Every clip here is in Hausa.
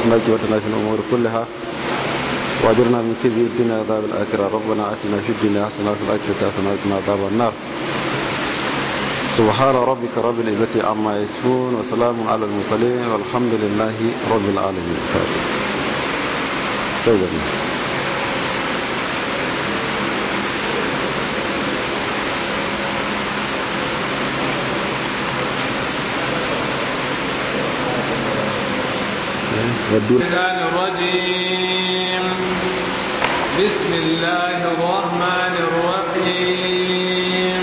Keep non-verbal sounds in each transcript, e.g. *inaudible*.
حسنك وتنا في الأمور كلها وأجرنا من كذي الدنيا عذاب الآخرة ربنا آتنا في الدنيا حسنة في الآخرة حسنة من عذاب النار سبحان ربك رب العزة عما يصفون وسلام على المرسلين والحمد لله رب العالمين طيب, طيب. الشيطان الرجيم بسم الله الرحمن الرحيم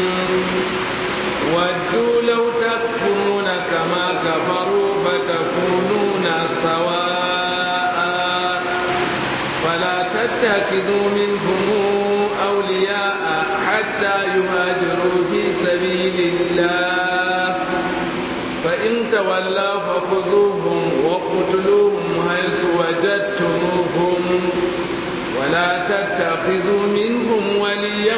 ودوا لو تكفرون كما كفروا فتكونون سواء فلا تتخذوا منهم أولياء حتى يهاجروا في سبيل الله فإن تولوا فخذوهم وقتلوهم وجدتموهم ولا تتخذوا منهم وليا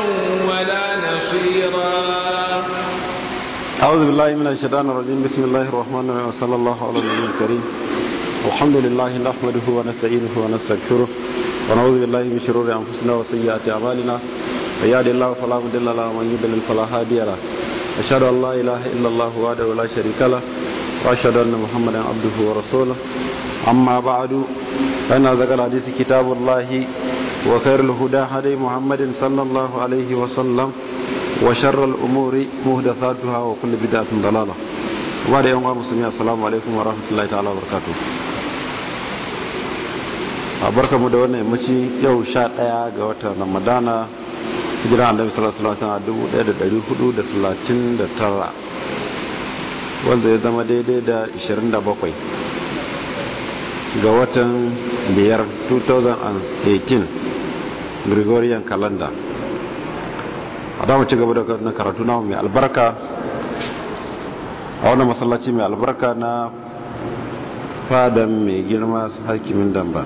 ولا نصيرا أعوذ بالله من الشيطان الرجيم بسم الله الرحمن الرحيم وصلى الله على النبي الكريم الحمد لله نحمده ونستعينه ونستغفره ونعوذ بالله من شرور أنفسنا وسيئات أعمالنا من يهد الله فلا مضل له ومن يضلل فلا هادي له أشهد أن لا إله إلا الله وحده لا شريك له وأشهد أن محمدا عبده ورسوله أما بعد فإن ذكر الحديث كتاب الله وخير الهدى هدي محمد صلى الله عليه وسلم وشر الأمور مهدثاتها وكل بدعة ضلالة وبعد يوم مسلمين السلام عليكم ورحمة الله تعالى وبركاته abarka mu da wannan yammaci yau sha ɗaya ga watan ramadana hijira annabi sallallahu alaihi wasallam 1439 wanda ya zama daidai da 27 ga watan 5 2018 gregorian calendar adamu ci gaba da karatu na mai albarka a wani masallaci mai albarka na fadan mai girma hakimin damba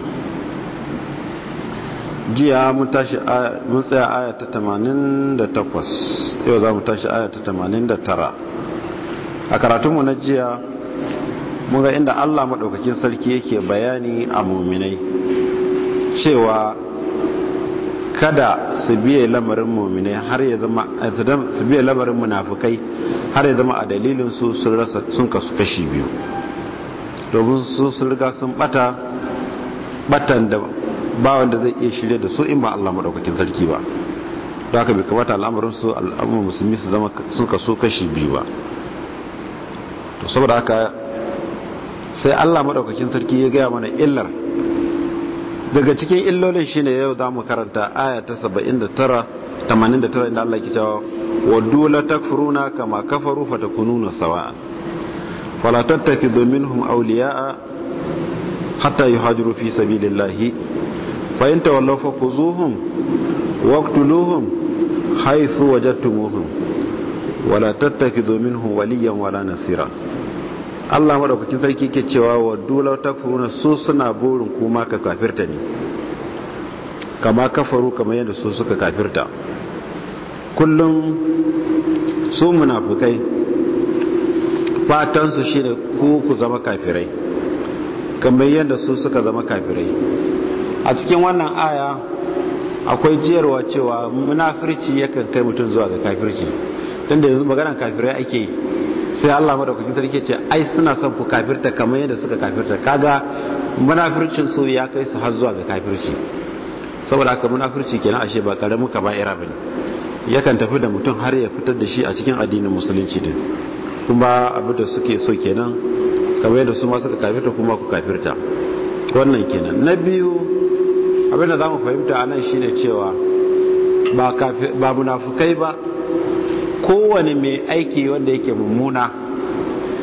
jiya mun tashi mun tsaya aya ta 88 yau za mu tashi aya ta 89 a karatunmu na jiya muga inda Allah madaukakin sarki yake bayani a muminai cewa kada su biye lamarin muminai har ya zama su biye lamarin munafukai har ya zama a dalilin su sun rasa sun kasu kashi biyu domin su sun riga sun bata batan da ba wanda zai iya shirya da su in ba Allah madaukakin sarki ba don haka bai kamata al'amarin su al'amuran musulmi su zama sun kasu kashi biyu ba to saboda haka sai Allah maɗaukakin sarki ya gaya mana illar daga cikin illolin shine yau za mu karanta aya ta 79 89 inda Allah ke cewa waddu la takfuruna kama kafaru fatakununa sawa'an fala tattakidu minhum awliya'a hatta yuhajiru fi sabilillahi zuhun in tawallaw wajen waqtuluhum haythu wajadtumuhum wala domin hun waliyan wala nasira Allah madaukakin sarki ke cewa wa dulau ta takfuruna su suna burin kuma ka kafirta ne kama kafaru kamar yadda su suka kafirta kullum su munafukai fatan su shine ku ku zama kafirai kamar yadda su suka zama kafirai a cikin wannan aya akwai jiyarwa cewa munafirci yakan kai mutum zuwa ga kafirci tunda yanzu maganar kafirai ake yi sai Allah madaukakin sarki ce ai suna son ku kafirta kamar yadda suka kafirta kaga munafircin su ya kai su har zuwa ga kafirci saboda haka munafirci kenan ashe ba karamin ira bane yakan tafi da mutum har ya fitar da shi a cikin addinin musulunci din kuma abin da suke so kenan kamar yadda su ma suka kafirta kuma ku kafirta wannan kenan na biyu abin da za mu fahimta a nan shine cewa ba munafukai ba kowane mai aiki wanda yake mummuna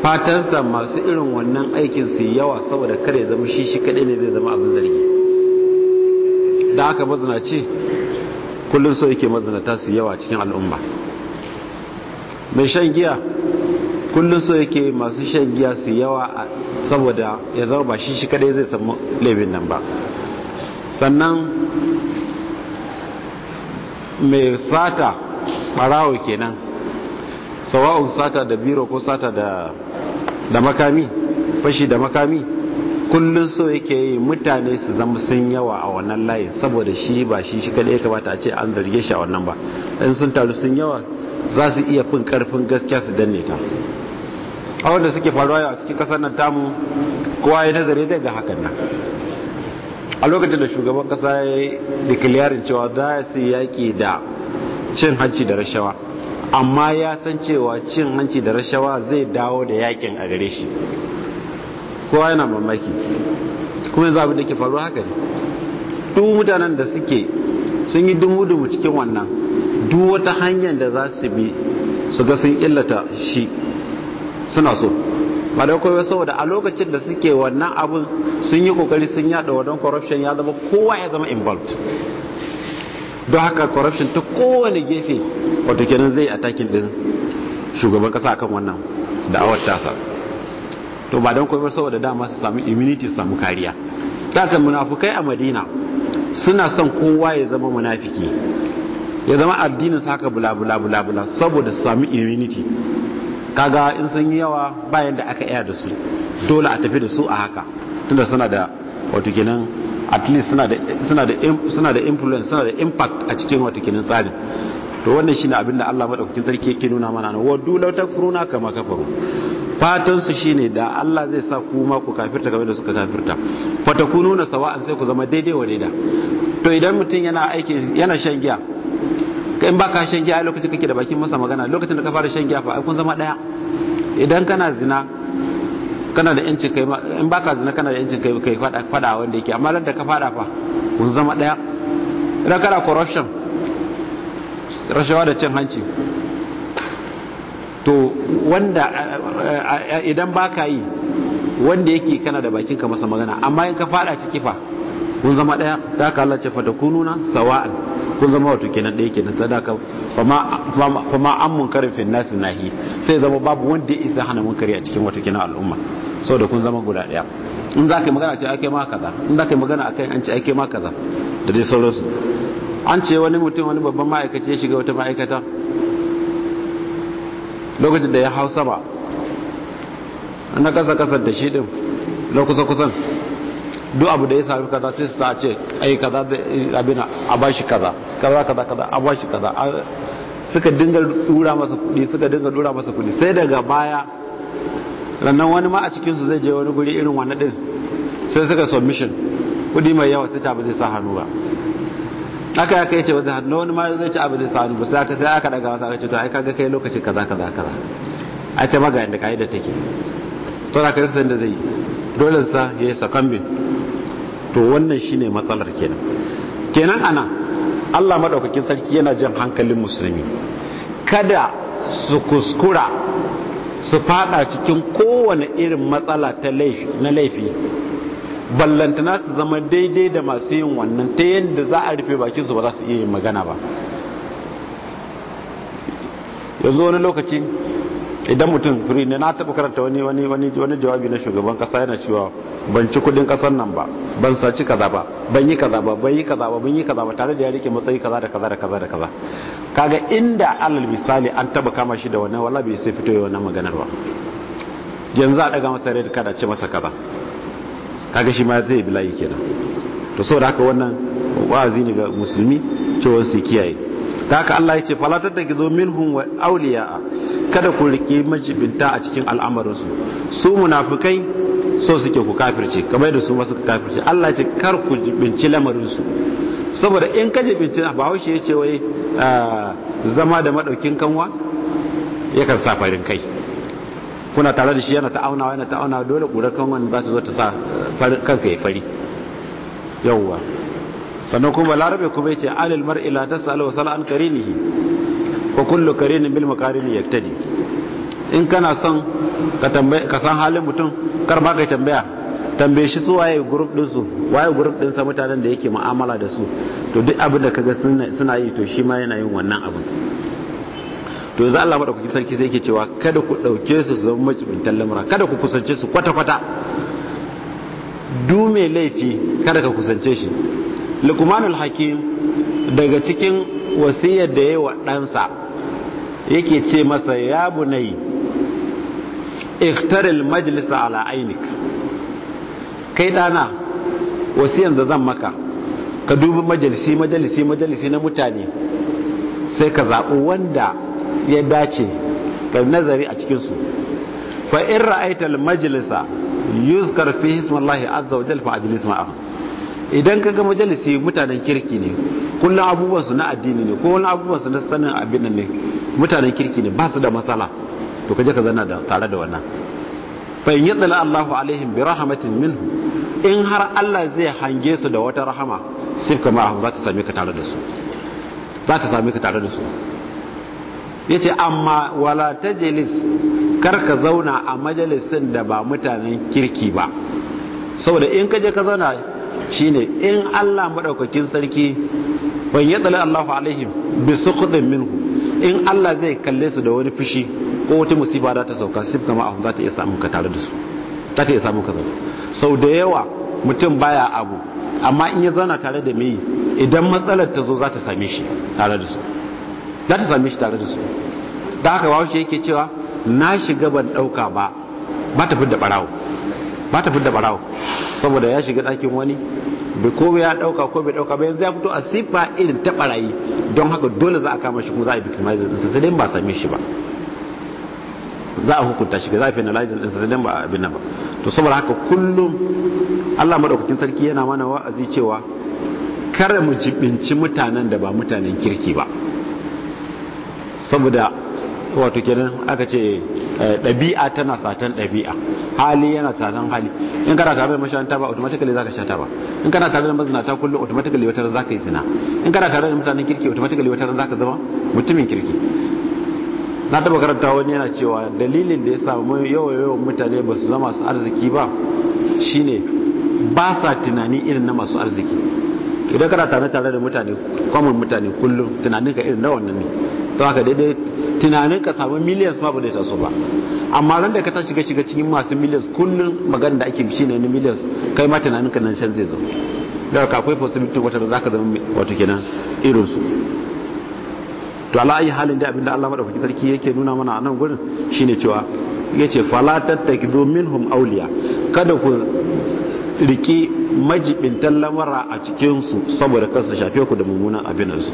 fatansa masu irin wannan aikin su yawa saboda kare ya zama shi shi kaɗai ne zai zama abin zargi da aka ce kullum so yake mazinata su yawa cikin al'umma mai shan giya kullum so yake masu shan giya su yawa saboda ya zama ba shi shi kadai zai samu laifin nan ba sannan mai sata ɓarawo kenan sawa'un sata da biro ko sata da makami fashi da makami kullum so yake yi mutane su zama sun yawa a wannan layin saboda shi ba shi shi kadai ya kamata a ce an zarge shi a wannan ba in sun taru sun yawa za su iya fin karfin gaskiya su danne ta a wanda suke faruwa a cikin kasar nan tamu kowa ya nazari zai ga hakan nan a lokacin da shugaban kasa ya yi cewa za su yaƙi da cin hanci da rashawa amma ya san cewa cin hanci da rashawa zai dawo da yakin a gare shi kowa yana mamaki kuma yanzu abin da ke faru haka ne duk mutanen da suke sun yi dumu-dumu cikin wannan duk wata hanyar da za su bi su ga sun illata shi suna so ba da kawai saboda a lokacin da suke wannan abin sun yi kokari sun yada wadon corruption ya zama kowa ya zama involved don haka corruption ta kowane gefe wato kenan zai takin ɗin shugaban kasa akan wannan da'awar tasa to ba don komai saboda dama su sami immunity su samu kariya ta munafukai a madina suna son kowa ya zama munafiki ya zama addinin haka bula bula bula bula saboda su sami immunity kaga in sun yi yawa bayan da aka yaya da su dole a tafi da su a haka tunda suna da wato kenan at least suna da suna da suna da influence suna da impact a cikin wato kenan tsarin to wannan shine abin da Allah madaukakin sarki yake nuna mana nan wadu law takfuruna kama kafaru fatan su shine da Allah zai sa ku ma ku kafirta kamar da suka kafirta kununa sawa'an sai ku zama daidai wa daida to idan mutum yana aiki yana shan giya in baka shan giya lokacin kake da bakin masa magana lokacin da ka fara shan giya fa ai kun zama daya idan kana zina kana da yancin kai in baka zina kana da yancin kai kai fada fada wanda yake amma ran da ka fada fa kun zama daya idan kana corruption rashawa da cin hanci to wanda idan baka yi wanda yake kana da bakin ka masa magana amma in ka fada ciki fa kun zama daya ta ka Allah ce kununa sawa'an kun zama wato kenan daya kenan sadaka fama an munkarin fin nasi nahi sai zama babu wanda ya isa hana munkari a cikin wato kenan al'umma so da kun zama guda daya in za ka magana ce ake ma kaza in za ka magana akai an ce ake ma kaza da dai sauransu an ce wani mutum wani babban ma'aikaci ya shiga wata ma'aikata lokacin da ya hau sama na kasa kasa da shi din na kusa kusan duk abu da ya sami kaza sai su sa ce ai kaza abin a bashi kaza kaza kaza kaza a bashi kaza suka dinga dura masa kudi suka dinga dura masa kudi sai daga baya rannan wani ma a cikinsu zai je wani guri irin wani ɗin sai suka submission kudi mai yawa sai ta abu zai sa hannu ba aka yaka yace wani hannu wani ma zai ci abu zai sa hannu ba sai aka sai aka daga wasu aka ce to ai kaga kai lokaci kaza kaza kaza a ta maga da ka'idar take to da kai sai da zai dole sa ya yi sakambi to wannan shine matsalar kenan kenan ana Allah madaukakin sarki yana jan hankalin musulmi kada su kuskura su fada cikin kowane irin matsala na laifi ballantana su zama daidai da masu yin wannan ta yadda za a rufe baki su ba za su iya yin magana ba yanzu wani lokaci idan mutum firi ne na taɓa karanta wani wani wani wani jawabi na shugaban kasa yana cewa ban ci kudin kasar nan ba ban saci kaza ba ban yi kaza ba ban yi kaza ba ban yi kaza ba tare da ya rike matsayi kaza da kaza da kaza da kaza kaga inda alal misali an taɓa kama shi da wannan wallahi bai sai fito wannan maganar ba yanzu a daga masa red card a ce masa kaza kaga shi ma zai bi layi kenan to saboda haka wannan wa'azi ne ga musulmi cewa su kiyaye ta haka Allah ya ce falatar da gizo minhum wa awliya'a kada ku rike majibinta a cikin al'amarinsu su munafikai so suke ku kafirce kamar da su masu kafirce Allah ce kar ku jibinci lamarinsu saboda in ka jibinci ba haushi ya ce wai ah, zama da madaukin kanwa yakan sa farin kai kuna tare da shi yana ta'aunawa yana ta'aunawa dole ƙurar kanwan za ta zo ta sa kanka ya fari yawwa sannan kuma larabe kuma ya ce alil mar'ila ta salo an sala'an karinihi wa kullu karinin bil makarin yaktadi in kana son ka tambaye ka san halin mutum kar ma kai tambaya tambaye shi su waye group din su waye group din sa mutanen da yake mu'amala da su to duk abin da kaga suna yi to shi ma yana yin wannan abin to yanzu Allah madaukakin sarki sai yake cewa kada ku dauke su su zama majibintan lamura kada ku kusance su kwata kwata du mai laifi kada ka kusance shi lukmanul hakim daga cikin wasiyar da ya wa ɗansa yake ce masa ya yi. iktaril majalisa ala'ainik kai ɗana wasiyan da zan maka ka dubi majalisi majalisi majalisi na mutane sai ka zaɓi wanda ya dace ka nazari a cikinsu fa'in ra'aitar majalisa yuzkar fi hismallahi azza wa jalfa idan ka ga majalisi mutanen kirki ne kullum abubuwan su na addini ne ko wani abubuwan su na sanin abin ne mutanen kirki ne ba su da matsala to ka je ka zanna tare da wannan fa in yadda Allahu alaihim bi rahmatin minhu in har Allah zai hange su da wata rahama sai kama za ta same ka tare da su za ta same ka tare da su yace amma wala tajlis kar ka zauna a majalisin da ba mutanen kirki ba saboda in ka je ka zauna shine in Allah madaukakin sarki ban yi tsali Allahu alaihim bi suqdin minhu in Allah zai kalle su da wani fushi ko wata musiba da ta sauka sif kama ahu za ta iya samun ka tare da su za ta iya samun ka sau da yawa mutum baya abu amma in ya zana tare da mai idan matsalar ta zo za ta same shi tare da su za ta same shi tare da su da haka wawo yake cewa na shiga ban dauka ba ba ta da barawo ba ta da barawo saboda ya shiga ɗakin wani bai ko ya ɗauka ko bai ɗauka ba yanzu ya fito a siffa irin ta barayi don haka dole za a kama shi kuma za a yi victimizer ɗinsa sai dai ba same shi ba za a hukunta shi za a finalize ɗinsa sai dai ba abin nan ba to saboda haka kullum Allah maɗaukakin sarki yana mana wa'azi cewa kar mu jibinci mutanen da ba mutanen kirki ba saboda wato kenan aka ce Eh, ɗabi'a tana satan ɗabi'a hali yana satan hali in kana tare da mashanta ba automatically zaka sha ba in kana tare da mazinata kullum automatically wata ran zaka yi zina in kana tare da mutanen kirki automatically wata ran zaka zama mutumin kirki na taba karanta wani yana cewa dalilin da ya mu yawa yawan mutane ba su zama su arziki ba shine ba sa tunani irin na masu arziki idan kana tare tare da mutane kwamon mutane kullum tunanin ka irin na wannan ne to haka daidai tunanin ka samu millions ma ba ta so ba amma ran da ka ta shiga shiga cikin masu millions kullum magana da ake shi ne na millions kai ma tunanin ka nan can zai zo daga kakwai possibility wata da zaka zama wato kenan irin su to ala ayi halin da abinda Allah madaukaki sarki yake nuna mana a nan gurin shine cewa yace fala tattakidu minhum awliya kada ku rike majibintan lamara a cikinsu saboda kansu shafe ku da mummunan abinansu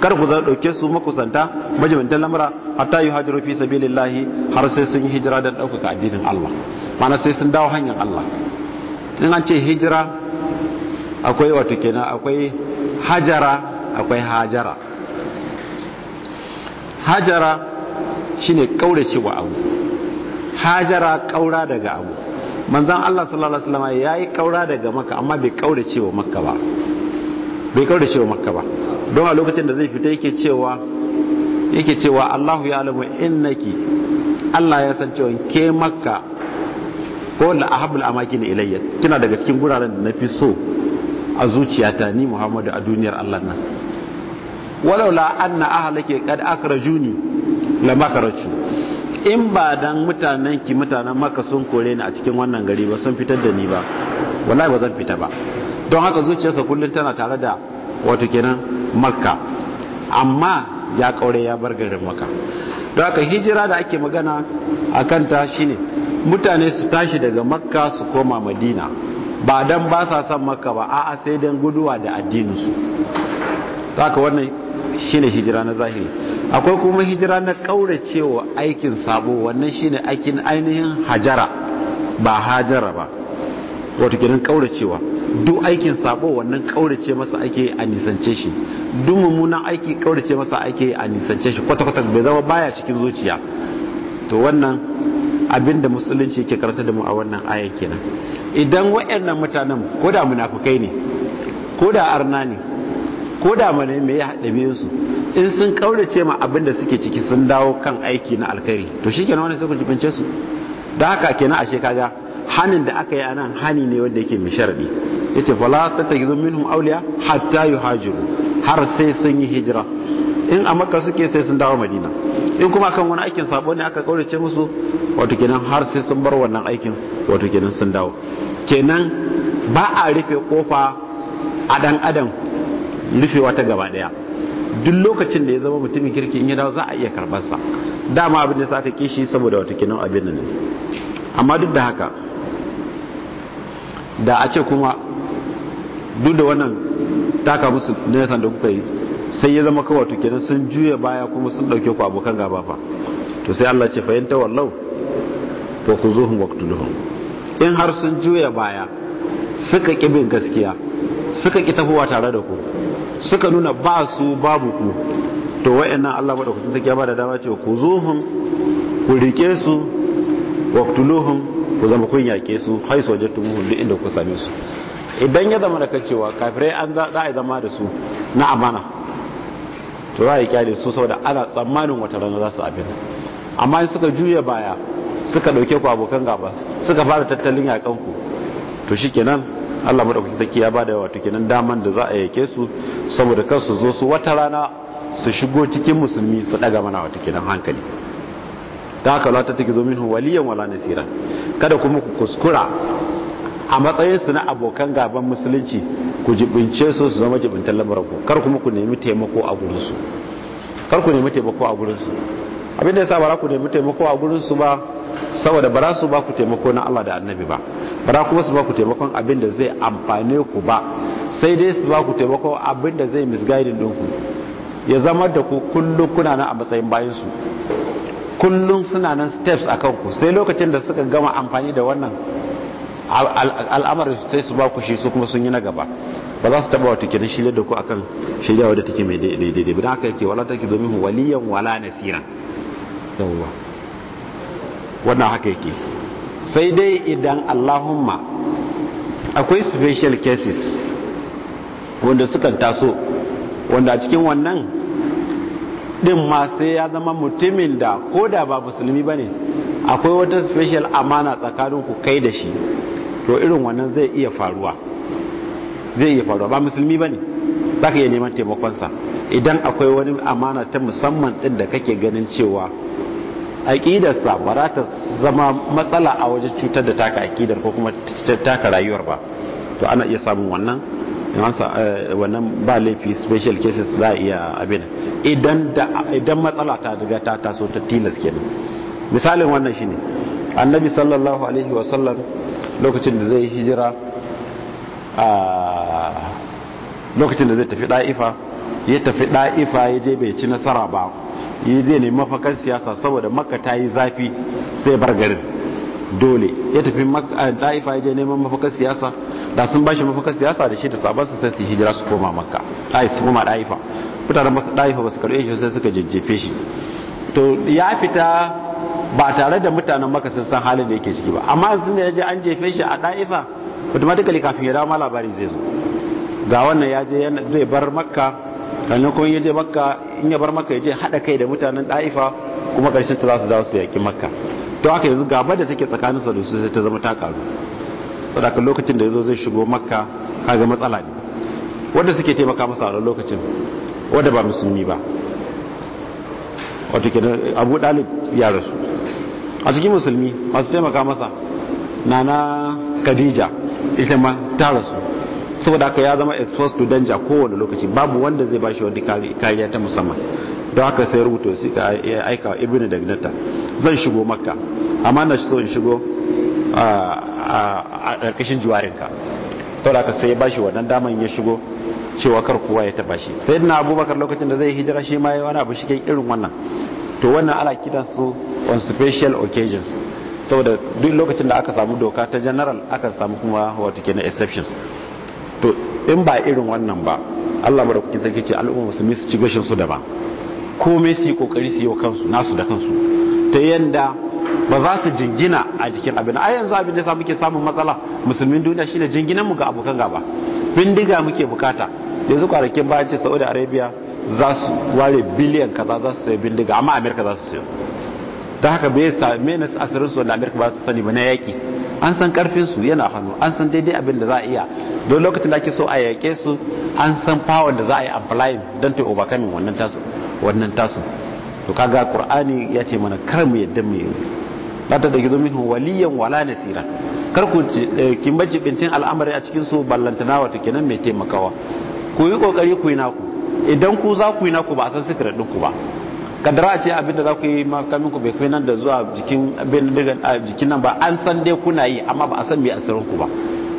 kar ku za ɗauke su makusanta majibintan lamara hatta yi hajjiro fi sabilillahi har sai sun yi hijira don ɗaukaka addinin Allah mana sai sun dawo hanyar Allah in an ce hijira akwai wato kenan akwai hajara akwai hajara hajara shine kaurace wa abu hajara kaura daga abu manzan Allah sallallahu alaihi wasallam yi kaura daga maka amma bai kaura cewa makka ba bai don a lokacin da zai fita yake cewa yake cewa Allahu ya alamu innaki Allah ya san cewa ke maka ko la ahabul amakin ilayya kina daga cikin guraren da na fi so a zuciyata ni Muhammadu a duniyar Allah nan walaula anna ahlake qad akrajuni lama karaju in ba dan mutanen ki mutanen maka sun kore ni a cikin wannan gari ba sun fitar da ni ba wallahi ba zan fita ba don haka zuciyarsa kullum tana tare da wato kenan makka amma ya kaure ya bar garin maka don haka hijira da ake magana a ta shine mutane su tashi daga makka su koma madina ba dan ba sa son makka ba a'a sai dan guduwa da addininsu haka wannan shine hijira na zahiri akwai kuma hijira na kauracewa aikin sabo wannan shine aikin ainihin hajara ba hajara ba wato gidan kauracewa duk aikin sabo wannan kaurace masa ake a nisance shi duk mummunan aiki kaurace masa ake a nisance shi kwata-kwata bai zama baya cikin zuciya to wannan abin da musulunci ke karanta da mu a wannan ayan kenan idan nan mutanen ko da munafukai ne ko da arna ne ko da mane mai ya haɗe su in sun kaurace ma abinda da suke ciki sun dawo kan aiki na alkari to kenan wani sai jibince su da haka kenan ashe kaga hanin da aka yi anan hani ne wanda yake mai sharaɗi sharadi yace fala gizon minhum auliya hatta yuhajiru har sai sun yi hijira in a maka suke sai sun dawo madina in kuma kan wani aikin sabo ne aka kaurace musu wato kenan har sai sun bar wannan aikin wato kenan sun dawo kenan ba a rufe kofa adan dan adam rufewa ta gaba daya duk lokacin da ya zama mutumin kirki in yi dawo za a iya karbarsa dama abin da sa aka kishi saboda wata kinan abin nan amma duk da haka da a ce kuma duk da wannan taka musu nesan da kuka yi sai ya zama kawai wata kenan sun juya baya kuma sun dauke ku abokan gaba fa to sai Allah ce fahimta wallau ko ku zuhun waqtuluhum in har sun juya baya suka ƙi gaskiya suka ƙi tafowa tare da ku suka nuna ba su babu ku to wa'in nan Allah madaukakin ta ba bada dama ce ku zuhun ku rike su waqtuluhum ku zama kun yake su haisu tumu hundu inda ku same su idan ya zama da cewa kafirai an za a zama da su na amana to za a yi kyale su da ana tsammanin wata rana za su abin amma in suka juya baya suka ɗauke ku abokan gaba suka fara tattalin yakan ku to kenan Allah madaukaki take ya bada wato kenan daman da za a yake su saboda kar su zo su wata rana su shigo cikin musulmi su ɗaga mana wato kenan hankali da haka lata take zo minhu waliyan wala nasira kada kuma ku kuskura a matsayin su na abokan gaban musulunci ku jibince su su zama jibintan lamarin ku kar kuma ku nemi taimako a gurin su kar ku nemi taimako a gurin su abinda sa ba ku nemi taimako a gurin su ba saboda ba su ba ku taimako na Allah da annabi ba ba za kuma su ba ku taimakon abin da zai amfane ku ba sai dai su ba ku taimako abin da zai misguiding ɗinku ya zama da ku kullum kuna nan a matsayin bayan su kullum suna nan steps a ku, sai lokacin da suka gama amfani da wannan al'amari sai su ba ku shi su kuma sun yi na gaba ba za su taba wata kenan shirya da ku akan shirya wadda take mai daidai ba don haka yake wala take domin waliyan wala na nasiran yawwa wannan haka yake sai dai idan allahumma akwai special cases wanda suka taso wanda a cikin wannan din ma sai ya zama mutumin da ko da ba musulmi ba ne akwai wata special amana tsakanin ku kai da shi to irin wannan zai iya faruwa zai iya faruwa ba musulmi ba ne za ka iya neman taimakonsa idan akwai wani amana ta musamman din da kake ganin cewa aƙidarsa ba za ta zama matsala a wajen cutar da taka aƙidar ko kuma taka rayuwar ba to ana iya samun wannan eh, wannan ba laifi special cases za a iya abin idan matsala ta daga ta taso ta tilas kenan misalin wannan shi ne annabi sallallahu alaihi wasallam lokacin da zai hijira a lokacin da zai tafi ɗa'ifa ya tafi da'ifa ya je bai ci nasara ba yi zai ne mafakan siyasa saboda makka ta yi zafi sai bar garin dole ya tafi da'ifa ya je neman mafakan siyasa da sun bashi mafakan siyasa da shi da sabon sai su hijira su koma makka ai su koma da'ifa mutanen da'ifa ba su karbe shi sai suka jajjefe shi to ya fita ba tare da mutanen makka sun san halin da yake ciki ba amma yanzu ne ya je an jefe shi a da'ifa automatically kafin ya dawo ma labari zai zo ga wannan ya je zai bar makka kun kuma je makka in ya bar makka je hada kai da mutanen da'ifa kuma karshen ta za su dawo su yaki makka to aka yanzu gaba da take tsakanin sa da su sai ta zama ta karu saboda lokacin da yazo zai shigo makka kaga matsala ne wanda suke taimaka masa a lokacin wanda ba musulmi ba wato kenan abu dalib ya rasu a cikin musulmi masu taimaka masa nana khadija ita ma ta rasu saboda haka ya zama exposed to danger kowane lokaci babu wanda zai bashi wani kariya ta musamman don haka sai rubuta su ka aika ibn da gnata zan shigo makka amma na so in shigo a ƙarƙashin juwarinka da haka sai ya bashi wannan daman ya shigo cewa kar kowa ya taba shi sai na abubakar lokacin da zai hijira shi ma ya wani abu shi irin wannan to wannan ana su on special occasions saboda duk lokacin da aka samu doka ta general aka samu kuma wato kenan exceptions to in ba irin wannan ba Allah madaukakin sarki ce al'umma musulmi su ci gashin su da Ko komai su yi kokari su yi wa kansu nasu da kansu ta yanda ba za su jingina a jikin abin a yanzu abin da sa muke samun matsala musulmin duniya shine jinginan mu ga abokan gaba bindiga muke bukata yanzu kwanakin bayan ce saudi arabia za su ware biliyan kaza za su sayi bindiga amma amerika za su sayo ta haka bai sa menas asirin su wanda amerika ba su sani ba na yaki an san karfin su yana hannu an san daidai abin da za a iya don lokacin da ake so a yake su an san power da za a yi applying don ta overcoming wannan tasu wannan tasu to kaga qur'ani ya ce mana kar mu yadda mu la ta dagizo min waliyan wala nasira kar ku eh, ki mace majibintin al'amari a cikin su ballantana wato kenan mai taimakawa ku yi kokari ku yi naku idan ku za ku yi naku ba a san sikirar ɗinku ba kadara ce abinda za ku yi makamin ku bai kai nan da zuwa jikin abin a jikin nan ba an san dai kuna yi amma ba a san me asirin ku ba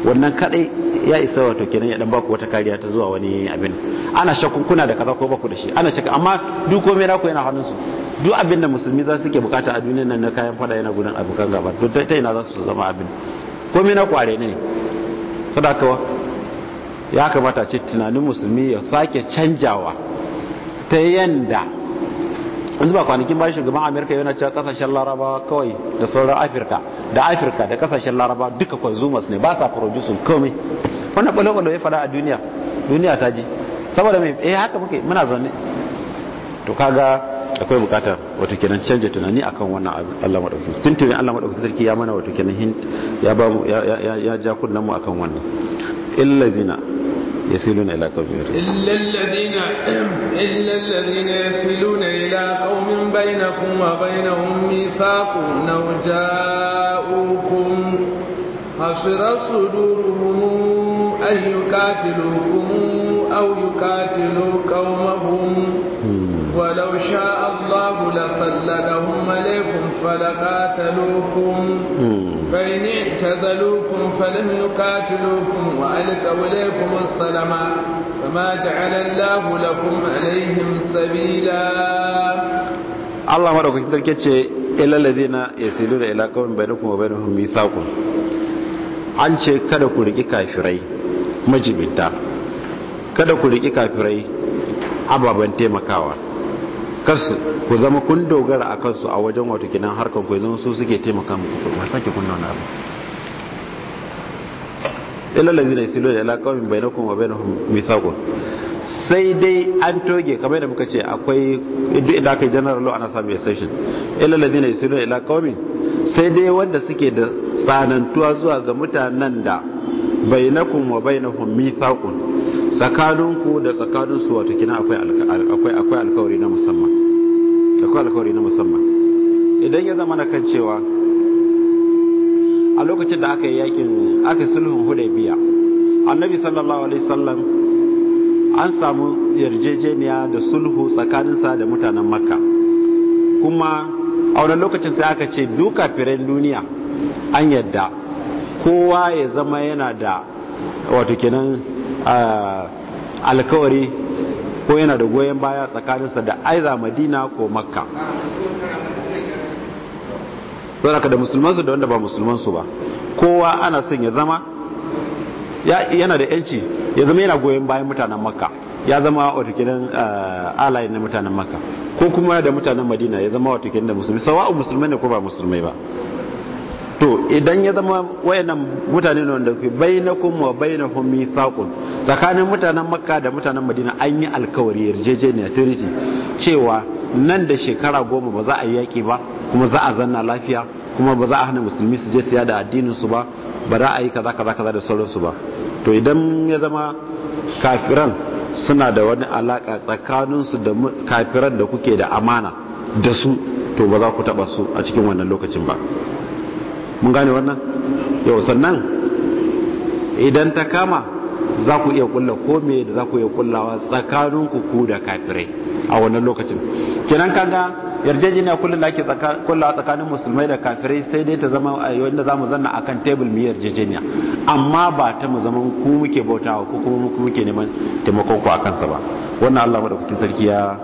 wannan kadai ya isa wato kenan ya dan baku wata kariya ta zuwa wani abin ana shakkun kuna da kaza ko baku da shi ana shakka amma duk komai ku yana hannun su duk abin da musulmi za su ke bukata a duniyar nan na kayan fada yana gudan abokan gaba to ta ina za su zama abin komai na kware ne sadaka ya kamata ce tunanin musulmi ya sake canjawa ta yanda yanzu ba kwanakin bayan shugaban amerika yana cewa kasashen laraba kawai da sauran afirka da afirka da kasashen laraba duka consumers ne ba sa producing komai wannan kwallo-kwallo ya fada a duniya duniya ta ji saboda mai eh haka muke muna zaune to kaga akwai bukatar wato kenan canja tunani akan wannan Allah maɗauki tuntuni Allah maɗauki sarki ya mana wato kenan hint ya ba mu ya ja kunnan mu akan wannan illazina يسيلون إلى قوم إلا الذين إلا الذين يسيلون إلى قوم بينكم وبينهم ميثاق أو جاءوكم حشر صدورهم أن يقاتلوكم أو يقاتلوا قومهم ولو شاء الله لسلدهم عليكم فلقاتلوكم فإن اعتزلوكم فلم يقاتلوكم وألقوا إليكم السلام فما جعل الله لكم عليهم سبيلا Allah madaukakin sarki ce ilal ladina yasiluna ila qaumin bainakum wa bainahum mithaqun an ce kada ku riki kafirai majibinta kada ku riki kafirai ababen taimakawa kas ku zama kun dogara a kansu a wajen wato kinan harkar ku zama su suke taimaka muku ku sake kunna wani abu illa lazina yasilu ila qaumin bainakum wa bainahum mithaqun sai dai an toge kamar da muka ce akwai idu inda aka yi general law ana samu exception illa lazina yasilu ila qaumin sai dai wanda suke da tsanantuwa zuwa ga mutanen da bainakum wa bainahum mithaqun tsakaninku da tsakaninsu wato kina akwai akwai alkawari na musamman akwai alkawari na musamman idan ya zama na kan cewa a lokacin da aka yi yakin aka sulhun hudaybiya annabi sallallahu alaihi wasallam an samu yarjejeniya da sulhu tsakaninsa da mutanen makka kuma a wani lokacin sai aka ce duka firen duniya an yadda kowa ya zama yana da wato kenan alkawari ko yana da goyon baya tsakaninsa da aiza madina ko makka saboda da musulmansu da wanda ba musulmansu ba kowa ana son ya zama yana da yanci ya zama yana goyon bayan mutanen makka ya zama watakilan eh, alayin na mutanen makka ko kuma da mutanen madina ya zama watakilan da musulmi sawa'un musulmai ne ko ba musulmai ba idan ya zama wayannan mutane ne wanda ke bainakum wa bainahum mithaqun tsakanin mutanen makka da mutanen madina an yi alkawari yarjejeniya treaty cewa nan da shekara goma ba za a yi yaki ba kuma za a zanna lafiya kuma ba za a hana musulmi su je siya da addinin su ba ba za a yi kaza kaza kaza da sauransu ba to idan ya zama kafiran suna da wani alaka tsakaninsu da kafiran da kuke da amana da su to ba za ku taba su a cikin wannan lokacin ba mun gane wannan yau sannan idan ta kama za ku iya kulla ko me da za ku iya kullawa tsakanin ku da kafirai a wannan lokacin kenan kaga yarjejeniya kullum da ake kullawa tsakanin musulmai da kafirai sai dai ta zama eh, wanda za mu zanna a kan tebul mu yarjejeniya amma ba ta mu zama ku muke bautawa ko kuma mu muke neman taimakon ku akan sa ba wannan Allah madaukakin sarki ya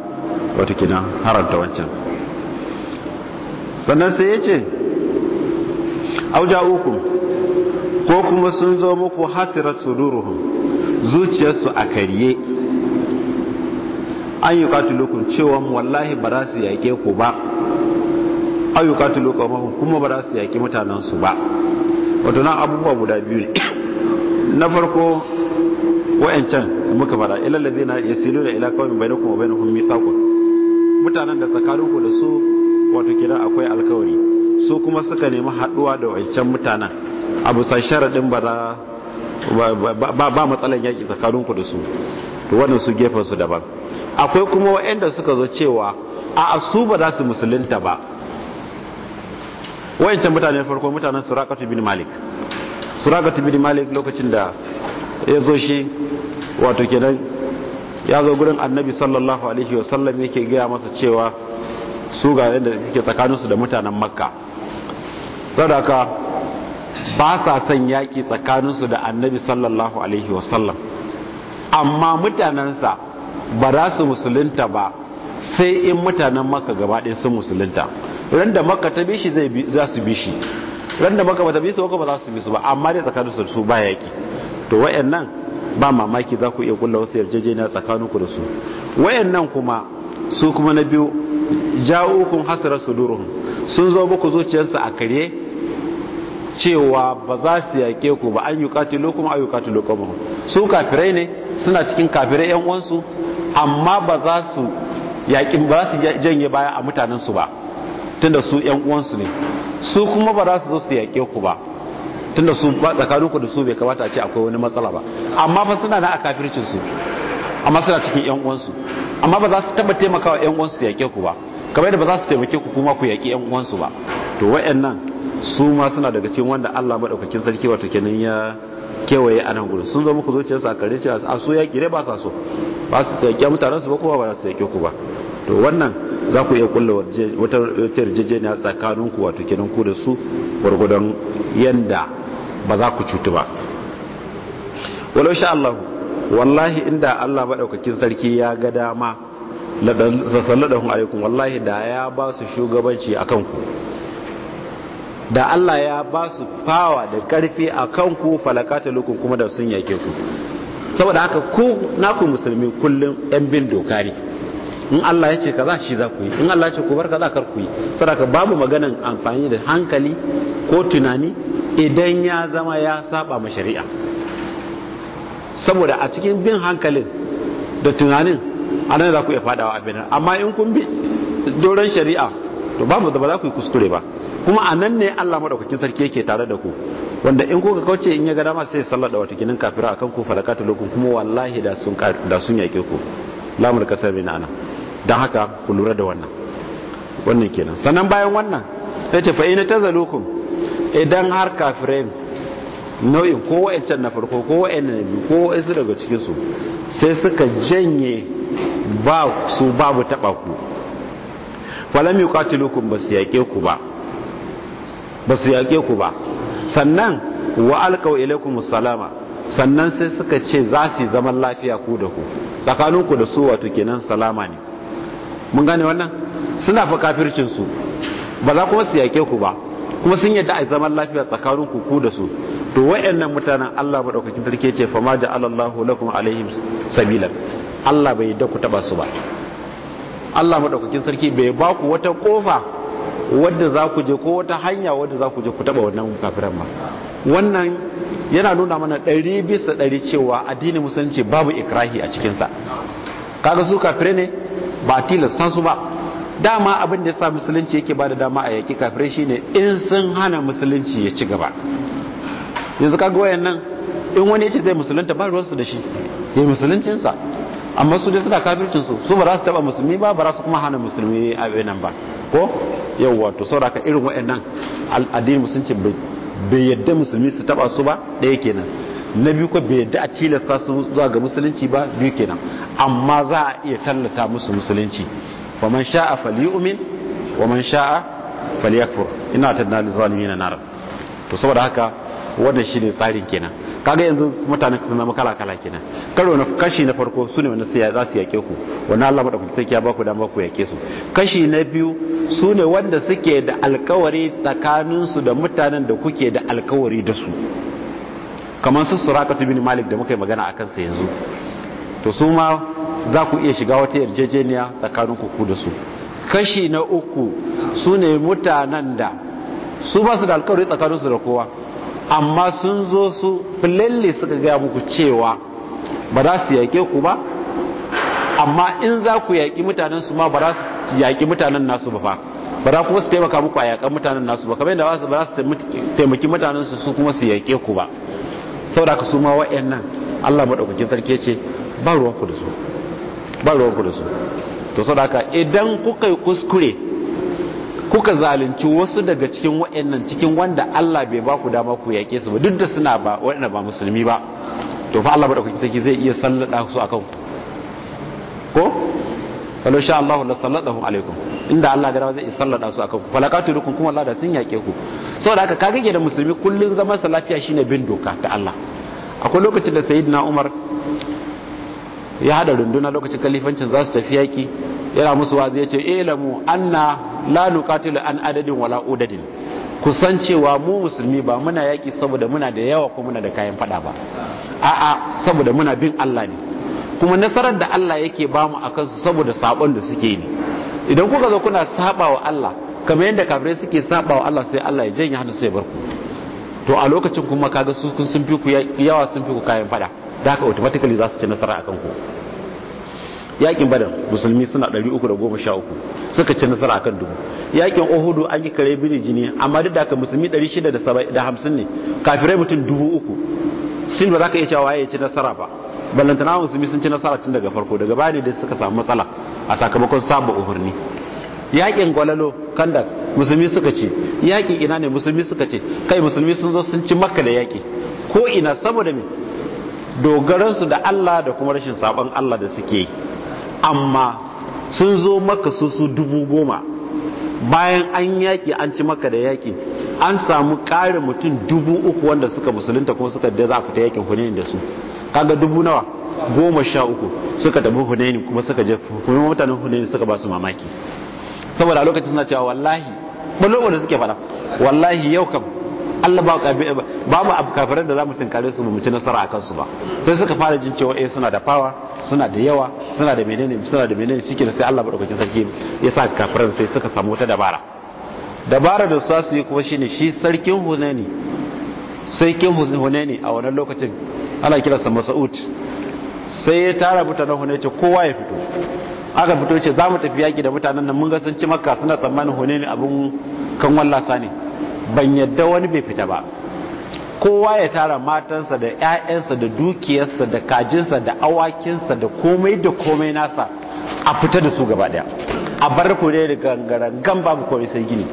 wato kina haranta wancan sannan sai ya ce Auja uku ko kuma sun zo muku hasirat suduruhum zuciyarsu a karye an yi katulukun cewa wallahi ba za su yaƙe ku ba an yi katulukun kuma ba za su yaƙi mutanensu ba wato nan abubuwa guda biyu ne *coughs* na farko wa'ancan muka fara na ladina yasilu da ila qaumin bainakum wa bainahum mithaqun mutanen da tsakaninku da su wato kira akwai alkawari su kuma suka nemi haduwa da wancan mutanen a sai sharadin ba ba matsalan tsakanin tsakaninku da su to wannan su gefen su daban akwai kuma waɗanda suka zo cewa a asu ba za su musulunta ba wayancan mutane farko mutanen surakatu bin malik surakatu bin malik lokacin da ya zo shi wato kenan ya zo gurin annabi sallallahu alaihi wasallam yake gaya masa cewa su ga yadda suke tsakaninsu da mutanen makka sadaka ba sa son yaƙi tsakaninsu da annabi sallallahu alaihi wasallam amma mutanensa ba za su musulunta ba sai in mutanen maka gabaɗe sun musulunta ran da maka ta bishi za su bishi ran da maka ba ta bisu waka ba za su bisu ba amma dai tsakaninsu su ba yaƙi to wayannan ba mamaki za ku iya kulla wasu yarjejeniya tsakaninku da su wayannan kuma su kuma na biyu ja'ukum hasara suduruhum sun zo muku zuciyarsu a karye cewa ba za su yaƙe ku ba an yi katilo kuma a yi katilo kuma su kafirai ne suna cikin kafirai yan uwansu amma ba za su yaƙi ba za su janye baya a mutanen su ba tunda su yan uwansu ne su kuma ba za su zo su yaƙe ku ba tunda su ba tsakanin ku da su bai kamata a ce akwai wani matsala ba amma fa suna na a kafircin su amma suna cikin yan uwansu amma ba za su taba taimakawa yan uwansu su yaƙe ku ba kamar da ba za su taimake ku kuma ku yaƙi yan uwansu ba to wayannan su ma suna daga cikin wanda Allah maɗaukakin sarki wato kenan ya kewaye a nan gudun sun zo muku zuciyar su a kare cewa a so yaƙi ne ba sa so ba su yaƙi mutanen su ba kuma ba za su yaƙi ku ba to wannan za ku iya kulla wata yarjejeniya tsakanin ku wato kenan ku da su gwargwadon yanda ba za ku cutu ba walau sha allahu wallahi inda Allah maɗaukakin sarki ya ga dama sassalladahun ayyukun wallahi da ya ba su shugabanci a kanku da Allah ya ba su fawa da karfi a kanku falakata lukun kuma da sun yake ku saboda haka ku naku musulmi kullum yan bin dokari. ne in Allah ya ce za shi za ku yi in Allah ya ce ku bar za kar ku yi saboda babu maganan amfani da hankali ko tunani idan ya zama ya saba ma shari'a saboda a cikin bin hankalin da tunanin a nan za ku iya fadawa a benin amma in kun bi doron shari'a to babu da ba za ku yi kuskure ba kuma a nan ne Allah maɗaukakin sarki yake tare da ku wanda in kuka kauce in ya ga dama sai sallar da wata ginin kafira akan ku falakatu lokun kuma wallahi da sun yake ku lamar kasar bin ana don haka ku lura da wannan wannan kenan sannan bayan wannan fa'i na ina tazalukum idan har kafirai nau'in ko wa'ancan na farko ko wa'annan na biyu ko wa'ansu daga cikinsu sai suka janye ba su babu taba ku falam ba su yaƙe ku ba su yaƙe ku ba sannan wa alqaw ilaikum salama sannan sai suka ce za su zaman lafiya ku da ku tsakaninku da su wato kenan salama ne mun gane wannan suna fa kafircin su ba za kuma su yaƙe ku ba kuma sun yadda a zaman lafiya tsakaninku ku da su to wayannan mutanen Allah madaukakin sarki ce fama ja'ala Allahu lakum alaihim sabila Allah bai da ku taba su ba Allah madaukakin sarki bai ba ku wata kofa wadda za ku je ko wata hanya wadda za ku je ku taba wannan kafiran ba wannan yana nuna mana ɗari bisa ɗari cewa addinin musulunci babu ikrahi a cikinsa kaga su kafire ne ba tilasta su ba dama abin da ya sa musulunci yake ba da dama a yaki kafire shine in sun hana musulunci ya ci gaba yanzu kaga nan in wani yace zai musulunta ba ruwansu da shi yayi musuluncin sa amma su dai suna kafircin su su ba za su taba musulmi ba ba za su kuma hana musulmi a nan ba ko yawwa to ka irin wayannan addinin musulunci bai yadda musulmi su taba su ba ɗaya kenan na biyu ko bai yadda a tilasta su zuwa ga musulunci ba biyu kenan amma za a iya tallata musu musulunci wa man sha'a falyu'min wa man sha'a falyakfur ina tadna lizalimin nar to saboda haka wannan shine tsarin kenan kaga yanzu mutanen sun zama kala kala kenan karo na kashi na farko su ne wanda za su yake ku wannan Allah madaukaki take ya ba ku dama ku yake su kashi na biyu su ne wanda suke da alkawari tsakanin su da mutanen da kuke da alkawari da su kamar su Suraqatu bin Malik da muka yi magana akan sa yanzu to su ma za ku iya shiga wata yarjejeniya tsakanin ku da su kashi na uku su ne mutanen da su ba su da alkawari tsakaninsu da kowa amma sun zo su filalle suka gaya muku cewa ba za su yaƙe ku ba amma in za ku yaƙi mutanen su ma ba za su yaƙi mutanen nasu ba ba za kuma su taimaka muku a yaƙan mutanen nasu ba kamar yadda ba za su taimaki mutanen su su kuma su yaƙe ku ba saboda ka su ma wa'annan Allah madaukakin sarki ce ba ruwan ku da su ba ruwan ku da su to saboda ka idan kuka yi kuskure kuka zalunci wasu daga cikin wa'annan cikin wanda Allah bai ba ku dama ku yake su ba duk da suna ba wa'anda ba musulmi ba to fa Allah madaukaki take zai iya sallada su akan ku ko falau sha Allah la salladahu alaikum inda Allah gara zai iya sallada su akan ku falakatu rukun kuma Allah da sun yake ku saboda haka kage da musulmi kullun zaman sa lafiya shine bin doka ta Allah akwai lokacin da sayyidina Umar ya hada runduna lokacin kalifancin za su tafi yaki yana musu wazi ya ce ilamu anna la nuqatilu an adadin wala udadin kusan cewa mu musulmi ba muna yaki saboda muna da yawa ko muna da kayan fada ba a'a saboda muna bin Allah ne kuma nasarar da Allah yake bamu akan su saboda sabon da suke ne idan kuka zo kuna saba wa Allah kamar yadda kafirai suke saba Allah sai Allah ya janye hannu sai ya bar ku to a lokacin kuma kaga su kun sun fi ku yawa sun fi ku kayan fada da haka automatically za su ci nasara akan ku yakin badar musulmi suna 313 suka ci nasara akan dubu yakin ohudu an yi kare biri jini amma duk da haka musulmi 650 ne kafirai mutum dubu uku sin ba za ka iya cewa ya ci nasara ba ballantana musulmi sun ci nasara tun daga farko daga bani da suka samu matsala a sakamakon sabu umarni yakin gwalalo kandak musulmi suka ce yakin ina ne musulmi suka ce kai musulmi sun zo sun ci makka da yaki ko ina saboda me dogaransu da Allah da kuma rashin saban Allah da suke amma sun zo maka su su dubu goma bayan an yaki an ci maka da yaki an samu ƙarin mutum dubu uku wanda suka musulunta kuma suka da za ku ta yakin hune da su kaga dubu nawa goma sha uku suka tafi hunayin kuma suka je kuma mutanen hunayin suka ba su mamaki saboda a lokacin suna cewa wallahi ɓulɓul wanda suke fara wallahi yau kam Allah ba mu abu kafiran da za mu tunkare su mu ci nasara a kansu ba sai suka fara jin cewa eh suna da fawa suna da yawa suna da menene suna da menene shike sai Allah madaukakin sarki ya sa kafiran sai suka samu wata dabara dabara da su su yi kuma shine shi sarkin Hunaini sarkin Hunani a wannan lokacin ana sa Mas'ud sai ya tara mutanen Hunani ce kowa ya fito aka fito ce za mu tafi yaki da mutanen nan mun ga sun ci makka suna tsammanin Hunani abun kan wallasa ne ban yadda wani bai fita ba kowa ya tara matansa da 'ya'yansa da dukiyarsa da kajinsa da awakinsa da komai da komai nasa a fita da su gaba daya a bar ku da gangaren gan babu komai sai gini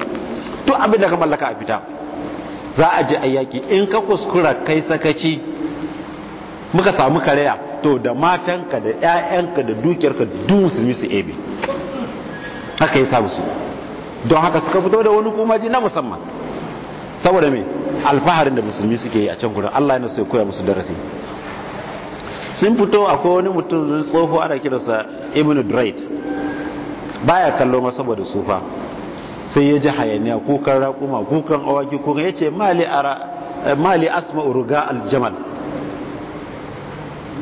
to abinda ka mallaka a fita za a je ayyaki in ka kuskura kai sakaci muka samu karaya to da matanka da 'ya'yanka da dukiyarka duk musulmi su ebe haka ya samu su don haka suka fito da wani kumaji na musamman saboda mai alfaharin da musulmi suke yi a can gurin Allah yana so koya musu darasi sun fito akwai wani mutum tsoho ana kiransa ibn Ba baya kallo ma saboda sufa sai ya ji hayaniya kukan raƙuma kukan awaki kukan ya ce mali mali asma uruga aljamal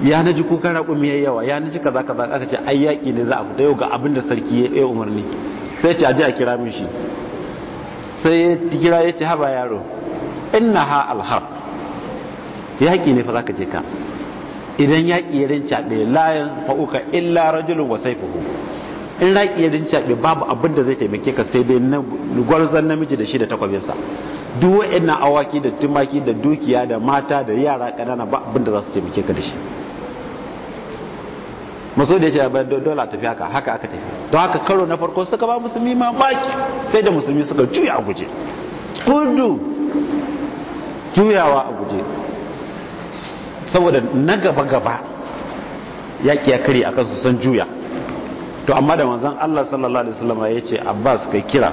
ya na ji kukan raƙumi ya yawa ya na ji kaza kaza aka ce ayyaki ne za a fita yau ga abin da sarki ya umarni sai ce a ji a kira min shi sai ya kira ya ce haba yaro ina ha alhar yaƙi ne fa za ka je ka idan yaƙi ya caɓe layan fa'uka illa rajulun wasai fuhu in yaƙi ya caɓe babu abin da zai taimake ka sai dai na gwarzon namiji da shi da takwabinsa duk wa'in awaki da tumaki da dukiya da mata da yara ƙanana ba abin da za su taimake ka da shi maso da yace ba dole a tafi haka haka aka tafi don haka karo na farko suka ba musulmi ma baki sai da musulmi suka juya a guje kudu juyawa a guje saboda na gaba gaba yaki ya kare akan su san juya to amma da manzon Allah sallallahu alaihi wasallam yace Abbas kai kira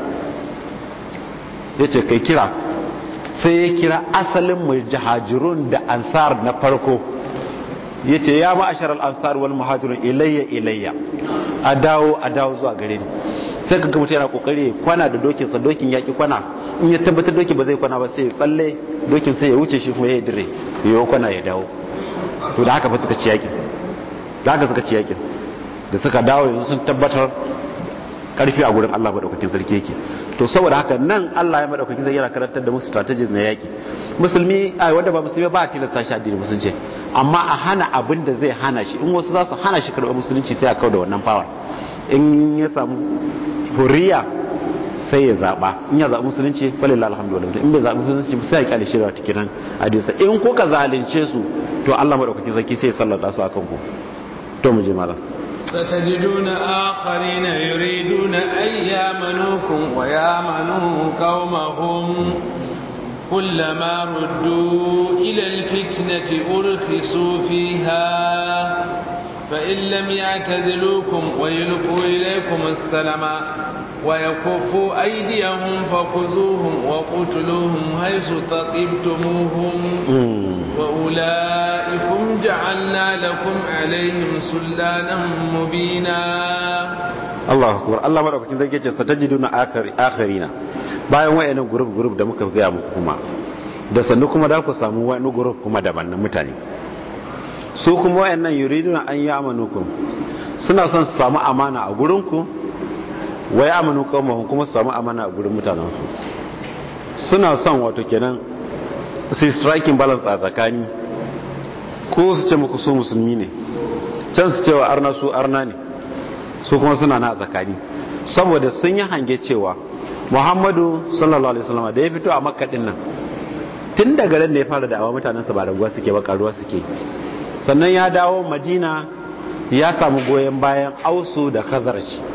ce kai kira sai ya kira asalin mujahajirun da ansar na farko ya ce ya ma'ashar al wani mahajirin ilayya ilayya a dawo a dawo zuwa gare ni sai kanka mutu yana kokari kwana da dokin sa dokin yaki kwana in ya tabbatar dokin ba zai kwana ba sai ya tsalle dokin sai ya wuce shi kuma ya dire ya kwana ya dawo to da haka ba suka ci yakin da haka suka ci yakin da suka dawo yanzu sun tabbatar karfi a gurin Allah madaukakin sarki yake to saboda haka nan Allah ya madaukaki zai yana karantar da musu strategies na yaki musulmi ai wanda ba musulmi ba tilas tilasta shi addini musulunci amma a hana abin da zai hana shi in wasu za su hana shi karɓar musulunci sai a kawo da wannan power in ya samu huriya sai ya zaɓa in ya zaɓi musulunci falil alhamdulillah in bai zaɓi musulunci sai ya kyale shi da wata kiran adinsa in kuka zalunce su to Allah madaukaki zaki sai ya sallar da su akan ku to mu je malam ستجدون آخرين يريدون أن يامنوكم ويامنوا قومهم كلما ردوا إلى الفتنة أرخصوا فيها فإن لم يعتذلوكم ويلقوا إليكم السلام ويكفوا أيديهم فخذوهم وقتلوهم حيث ثقفتموهم وأولئكم جعلنا لكم عليهم سلانا مبينا Allahu akbar Allah madaukakin zai yace satajiduna akharina bayan wayannan group group da muka gaya muku kuma da sannu kuma da ku samu wani group kuma daban na mutane su kuma wayannan yuriduna an ya'manukum suna son su samu amana a gurin ku wai amanu kawai kuma samu amana a gudun mutanen su suna son wato kenan sai striking balance a tsakani ko su ce maku so musulmi ne can su cewa arna su arna ne su kuma suna na a tsakani saboda sun yi hange cewa muhammadu sallallahu alaihi salama da ya fito a makaɗin nan tun daga nan da ya fara da'awa mutanensa ba raguwa suke ba karuwa suke sannan ya dawo madina ya samu goyon bayan ausu da khazarci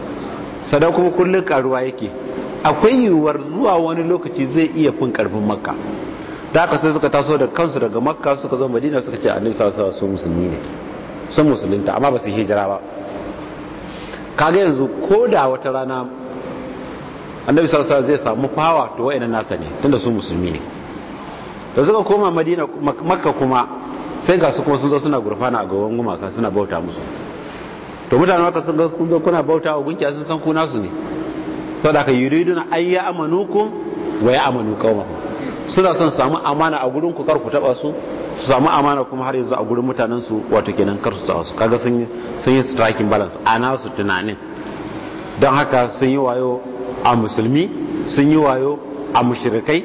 Sada kuma kullum karuwa yake akwai yiwuwar zuwa wani lokaci zai iya fin karfin makka da aka sai suka taso da kansu daga makka suka zo madina suka ce annabi sallallahu alaihi wasallam musulmi ne sun musulunta amma ba su hijira ba kaga yanzu ko da wata rana annabi sallallahu alaihi zai samu fawa to wayannan nasa ne tunda su musulmi ne da suka koma madina makka kuma sai ga su kuma sun zo suna gurfana a gaban gumaka suna bauta musu to mutanen maka sun ga kuna bauta wa gunki sun san kuna su ne saboda ka ya amanu kun wa ya amanu qaumahum suna son samu amana a gurin ku kar ku taba su su samu amana kuma har yanzu a gurin mutanen su wato kenan kar su taba su kaga sun sun yi striking balance ana su tunanin don haka sun yi wayo a musulmi sun yi wayo a mushrikai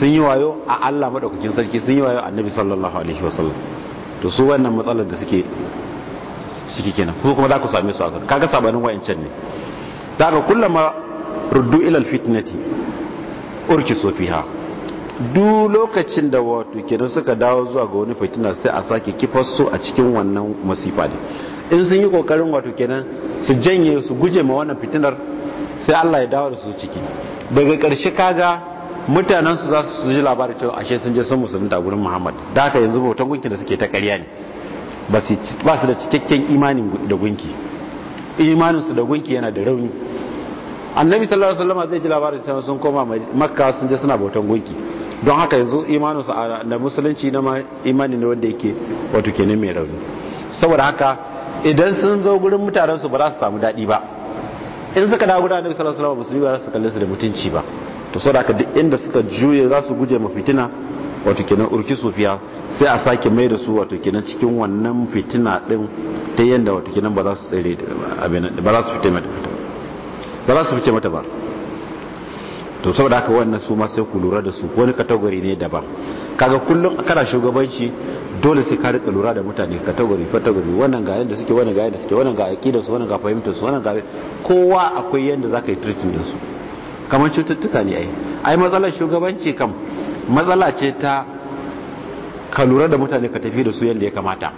sun yi wayo a Allah madaukakin sarki sun yi wayo annabi sallallahu alaihi wasallam to su wannan matsalar da suke ciki kenan ko kuma za ku same su a kan kaga sabanin wayancan ne da ga kullama ruddu ilal fitnati urki fiha duk lokacin da wato kenan suka dawo zuwa ga wani fitina sai a sake kifar su a cikin wannan masifa ne in sun yi kokarin wato kenan su janye su guje ma wannan fitinar sai Allah ya dawo da su ciki daga ƙarshe kaga mutanen su za su ji labarin cewa ashe sun je sun musulunta gurin Muhammad da haka yanzu bautan gunkin da suke ta ƙarya ne ba su da cikakken imanin da gunki imaninsu da gunki yana da rauni annabi sallallahu alaihi wasallam zai ji labarin cewa sun koma makka sun je suna bautan gunki don haka yanzu imaninsu da musulunci na imani ne wanda yake wato kenan mai rauni saboda haka idan sun zo gurin su ba za su samu daɗi ba in suka dawo gurin annabi sallallahu alaihi wasallam musulmi ba za su kalle su da mutunci ba to saboda haka duk inda suka juye za su guje ma fitina wato kenan urki sufiya sai a sake mai da su wato kenan cikin wannan fitina din ta yanda wato kenan ba za su tsere ba za su fita mata ba za su fita mata ba to saboda haka wannan su ma sai ku lura da su wani kategori ne daban kaga kullum kana shugabanci dole sai ka rika lura da mutane kategori kategori wannan ga yanda suke wannan ga yanda suke wannan ga aqidar su wannan ga fahimtar su wannan ga kowa akwai yanda zaka yi treating din su kamar cututtuka ne ai ai matsalar shugabanci kam matsala ce ta ka lura da mutane ka tafi da su yadda ya kamata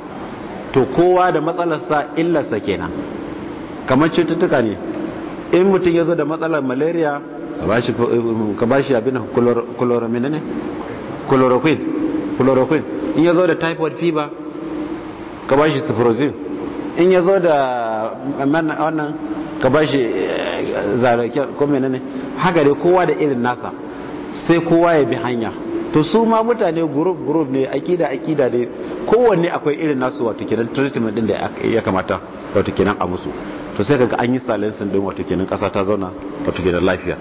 to kowa da matsalarsa illarsa kenan kamar cututtuka ne in mutum ya zo da matsalar malaria ka ba shi abin in ya zo da typhoid fever ka ba shi cifrozin in ya zo da wannan ka ba shi eh, ne haka dai kowa da irin nasa sai kowa ya bi hanya to su ma mutane group group ne akida akida ne kowanne akwai irin nasu wato kenan treatment din da ya kamata wato kenan a musu to sai kaga an yi silencing din wato kenan kasa ta zauna wato kenan lafiya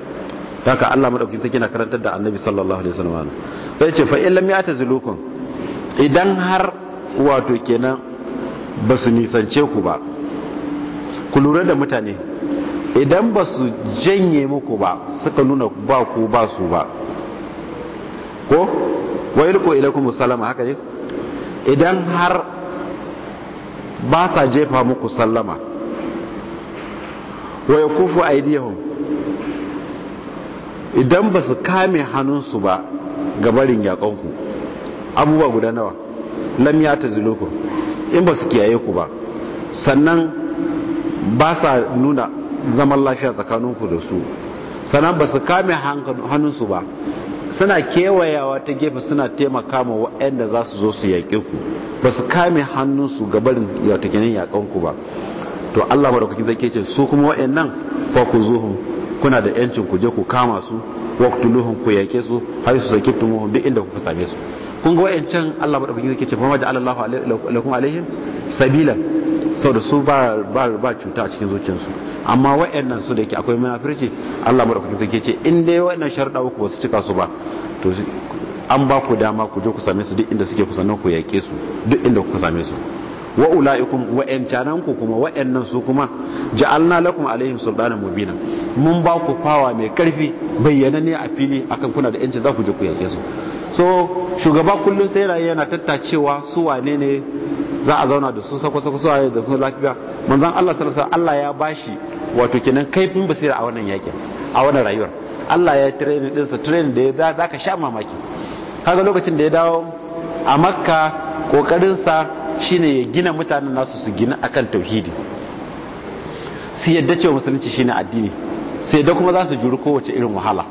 haka Allah madauki take na karantar da Annabi sallallahu alaihi wasallam sai ce fa in lam ya'tazilukum idan har wato kenan ba su nisance ku ba ku lura da mutane idan ba su janye muku ba suka nuna ba ku ba su ba ko wa ilko ilaikum salama haka ne idan har ba sa jefa muku sallama wa yakufu aydihum idan ba su kame hannunsu ba ga barin yakonku abubuwa guda nawa lam ya taziluku in ba su kiyaye ku ba sannan ba sa nuna zaman lafiya tsakaninku da su sannan ba su kame hannunsu ba suna kewayawa ta gefe suna taimaka ma waɗanda za su zo su yaƙe ku ba su kame hannunsu gabarin yautakenin yaƙon ku ba to Allah madaukakin zai ce su kuma waɗannan fa ku zuhun kuna da yancin ku je ku kama su luhun ku yaƙe su har su sakitumuhum duk inda kuka same su kun ga wayancan Allah madaukakin zai ce fa ma da Allahu alaikum alaihim sabila sau da su ba cuta a cikin zuciyarsu amma wa'annan su da yake akwai munafirci Allah madaukakin sarki ce in dai wa'annan sharɗa uku ba su cika su ba to an ba ku dama ku je ku same su duk inda suke ku sannan ku yaƙe su duk inda ku same su wa ulaikum wa yancanan ku kuma wa'annan su kuma ja'alna lakum alaihim sultanan mubina mun ba ku fawa mai karfi bayyana ne a fili akan kuna da yancin za ku je ku yaƙe su so shugaba kullum sai raye yana tattacewa su wane ne za a zauna da su sako sako a da kuma lafiya manzan Allah sallallahu alaihi Allah ya bashi wato kenan kaifin basira a wannan yakin a wannan rayuwar Allah ya training din sa training da za ka sha mamaki kaga lokacin da ya dawo a Makka kokarin sa shine ya gina mutanen nasu su gina akan tauhidi su yadda cewa musulunci shine addini sai da kuma za su juri kowace irin wahala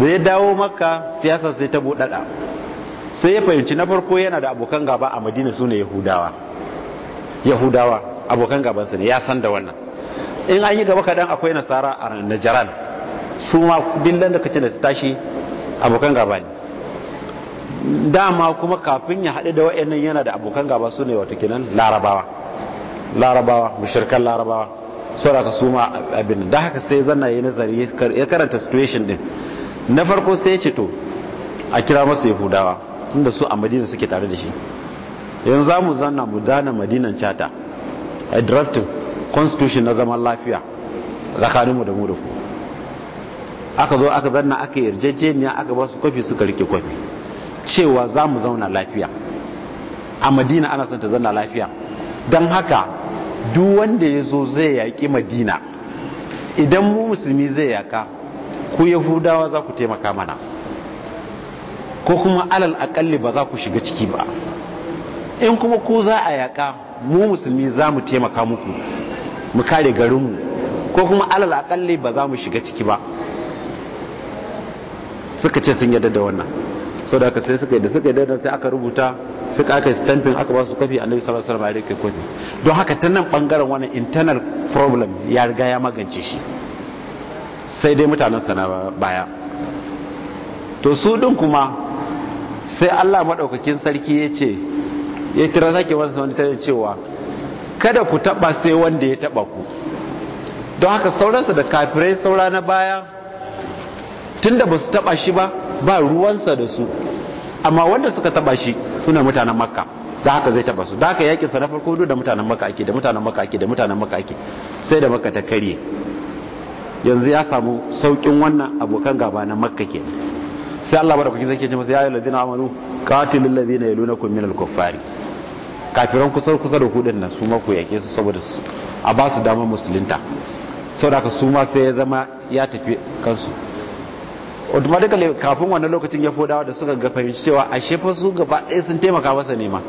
da ya dawo Makka siyasa sai ta buɗaɗa sai ya fahimci na farko yana da abokan gaba a madina su ne yahudawa yahudawa abokan gabansa ne ya san da wannan in an yi gaba kaɗan akwai nasara a najaran su ma dillan da kacin da ta tashi abokan gaba ne dama kuma kafin ya haɗu da wa'annan yana da abokan gaba su ne wata kinan larabawa larabawa mushirkan larabawa ka su ma abin da haka sai zanna ya nazari ya karanta situation din na farko sai ya ce to a kira masu yahudawa inda su a madina suke tare da shi yanzu za mu zanna mu dana madinan chata a drafting constitution na zaman lafiya tsakaninmu da mu da ku aka zo aka zanna aka yarjejeniya aka ba su kwafi suka rike kwafi cewa za mu zauna lafiya a madina ana son ta zanna lafiya don haka duk wanda ya zo zai yaƙi madina idan mu musulmi zai yaka ku yahudawa za ku taimaka mana ko kuma alal akalli ba za ku shiga ciki ba in kuma ko za a yaƙa mu musulmi za mu taimaka muku mu kare garinmu ko kuma alal akalli ba za mu shiga ciki ba suka ce sun yadda da wannan sau da aka sai suka yadda suka yadda sai aka rubuta suka aka stamping aka ba su kafi annabi sallallahu alaihi wasallam ya kwafi don haka ta nan bangaren wannan internal problem ya riga ya magance shi sai dai mutanen sana baya to su din kuma sai Allah maɗaukakin sarki ya ce ya tira sake wansa wani tare cewa kada ku taɓa sai wanda ya taɓa ku don haka sauransa da kafirai saura na baya tunda ba su taɓa shi ba ba ruwansa da su amma wanda suka taɓa shi suna mutanen makka da haka zai taɓa su da haka yakin sa na farko da mutanen makka ake da mutanen makka ake da mutanen makka ake sai da makka ta karye yanzu ya samu saukin wannan abokan gaba na makka ke sai Allah madaukakin zai ce masa ya ayyuhallazina amanu qatilul ladina yalunakum minal kuffari kafiran kusa kusa da hudun nan su ma ku yake su saboda su a ba su dama musulunta saboda ka su ma sai ya zama ya tafi kansu automatically kafin wannan lokacin ya fodawa da suka ga fahimci cewa ashe fa su gaba ɗaya sun taimaka masa nema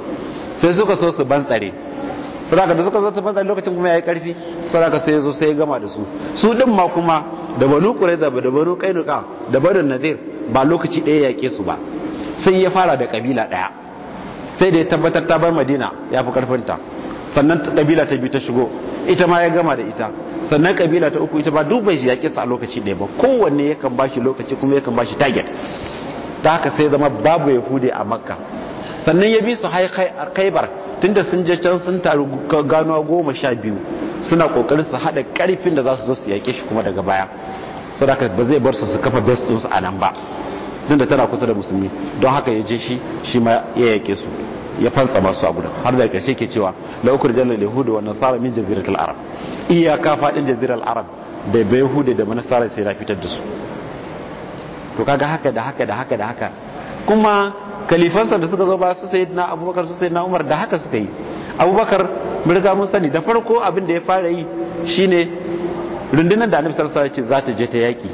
sai suka so su ban tsare saboda da suka zo ta banza lokacin kuma yayi karfi saboda sai ya zo sai ya gama da su su din ma kuma da banu qurayza da banu qainuqa da banu nadir ba lokaci ɗaya yaƙe su ba sai ya fara da ƙabila ɗaya sai da ya tabbatar ta bar madina ya fi ƙarfinta sannan ƙabila ta biyu ta shigo ita ma ya gama da ita sannan ƙabila ta uku ita ba duk bai yaƙe su a lokaci ɗaya ba kowanne yakan ba shi lokaci kuma yakan ba shi target ta haka sai zama babu yahudi a makka sannan ya bi su kaibar tunda sun je can sun taru gano goma sha biyu suna kokarin su haɗa ƙarfin da za su zo su yaƙe shi kuma daga baya sadaka ba zai bar su su kafa ɗin ɗinsu a nan ba tunda tana kusa da musulmi don haka ya je shi shi ma ya yake su ya fansa masu a gudan har da karshe ke cewa la ukur jalal yahudu wa nasara min jazirar arab ka fadin jazirar arab da bai yahudu da nasara sai na fitar da su to kaga haka da haka da haka da haka kuma kalifansa da suka zo ba su sayyidina abubakar su sayyidina umar da haka suka yi abubakar mun mun sani da farko abin da ya fara yi shine rundunar da annabi sallallahu alaihi wasallam ya ce za ta je ta yaki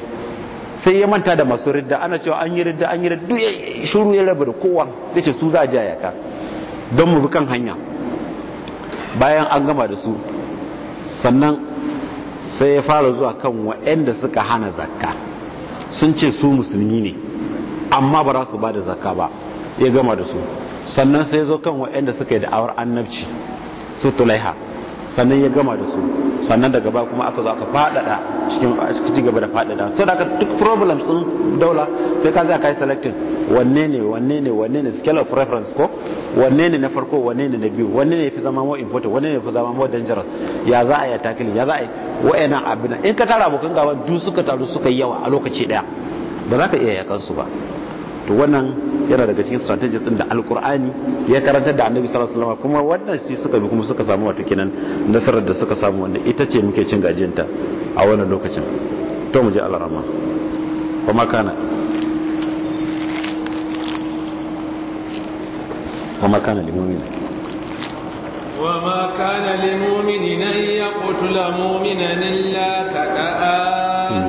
sai ya manta da masu ridda ana cewa an yi ridda an yi ridda duk shuru ya rabu da kowa ya ce su za a ka don mu bi kan hanya bayan an gama da su sannan sai ya fara zuwa kan waɗanda suka hana zakka sun ce su musulmi ne amma ba za su ba da zakka ba ya gama da su sannan sai ya zo kan waɗanda suka yi da'awar annabci su tulaiha sannan ya gama da su sannan daga ba kuma aka zo aka fadada cikin ci gaba da fadada so daga duk problem sun daula sai ka zai kai selecting wanne ne wanne ne wanne ne scale of reference ko wanne ne na farko wanne ne na biyu wanne ne fi zama more important wanne ne fi zama more dangerous ya za a yi tackling ya za a yi wa'annan abin in ka tara abokan gaban duk suka taru suka yi yawa a lokaci daya ba za ka iya yakan su ba to wannan yana daga cikin strategies din da alkur'ani ya karanta da annabi sallallahu alaihi wasallam kuma wannan shi suka bi kuma suka samu wato kenan nasarar da suka samu wanda ita ce muke cin gajiyanta a wannan lokacin to mu je Allah rahma kuma kana وما كان لمؤمن وما كان لمؤمن أن يقتل مؤمنا إلا كداء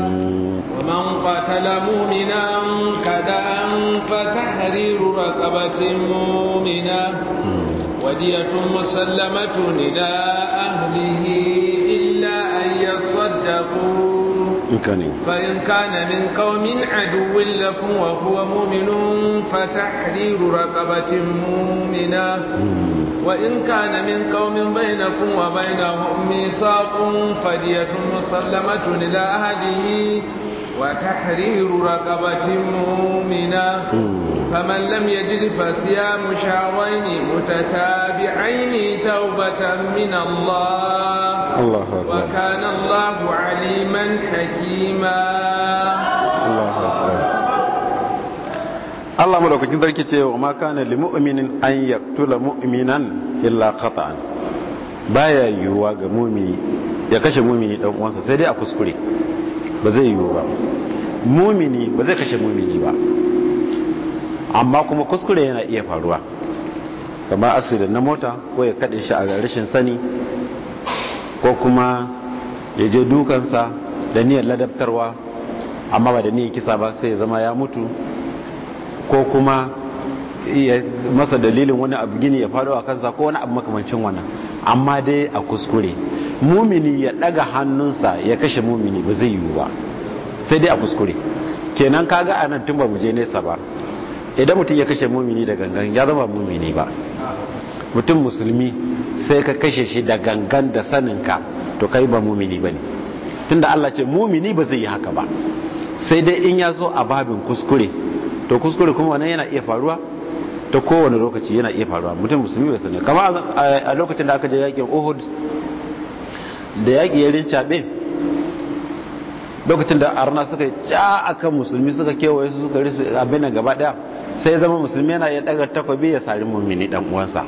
ومن قتل مؤمنا كداء تحرير رقبة مؤمنة ودية مسلمة إلى أهله إلا أن يصدقوا فإن كان من قوم عدو لكم وهو مؤمن فتحرير رقبة مؤمنة وإن كان من قوم بينكم وبينهم ميثاق فدية مسلمة إلى أهله وتحرير رقبة مؤمنة فمن لم يجد فصيام شهرين متتابعين توبة من الله الله أكبر وكان الله عليما حكيما الله أكبر Allah madaukakin sarki ce wa ma kana li mu'minin an yaqtula mu'minan illa khata'an baya yiwuwa ga mumini ya kashe mumini dan uwansa sai dai a kuskure ba zai yiwu ba mumini ba zai kashe mumini ba amma kuma kuskure yana iya faruwa kamar asirin na mota ko ya kaɗe shi a rashin sani ko kuma ya je dukansa da niyyar ladabtarwa amma ba da niyyar kisa ba sai ya zama ya mutu ko kuma masa dalilin wani abu gini ya faru a kansa ko wani abu makamancin wannan amma dai a kuskure mumini ya ɗaga hannunsa ya kashe mumini ba zai yiwu ba sai dai a kuskure kenan kaga anan tun ba mu je nesa ba idan mutum ya kashe mumini da gangan ya zama mumini ba mutum musulmi sai ka kashe shi da gangan da saninka to kai ba mumini ba ne tunda Allah ce mumini ba zai yi haka ba sai dai in ya zo a babin kuskure to kuskure kuma wannan yana iya faruwa ta kowane lokaci yana iya faruwa mutum musulmi bai sani kama a lokacin da aka je yakin uhud da yaki ya cabe lokacin da arna suka ca akan musulmi suka kewaye su suka risu abin gaba daya sai zama musulmi yana ya daga takwabi ya sari mummini dan uwansa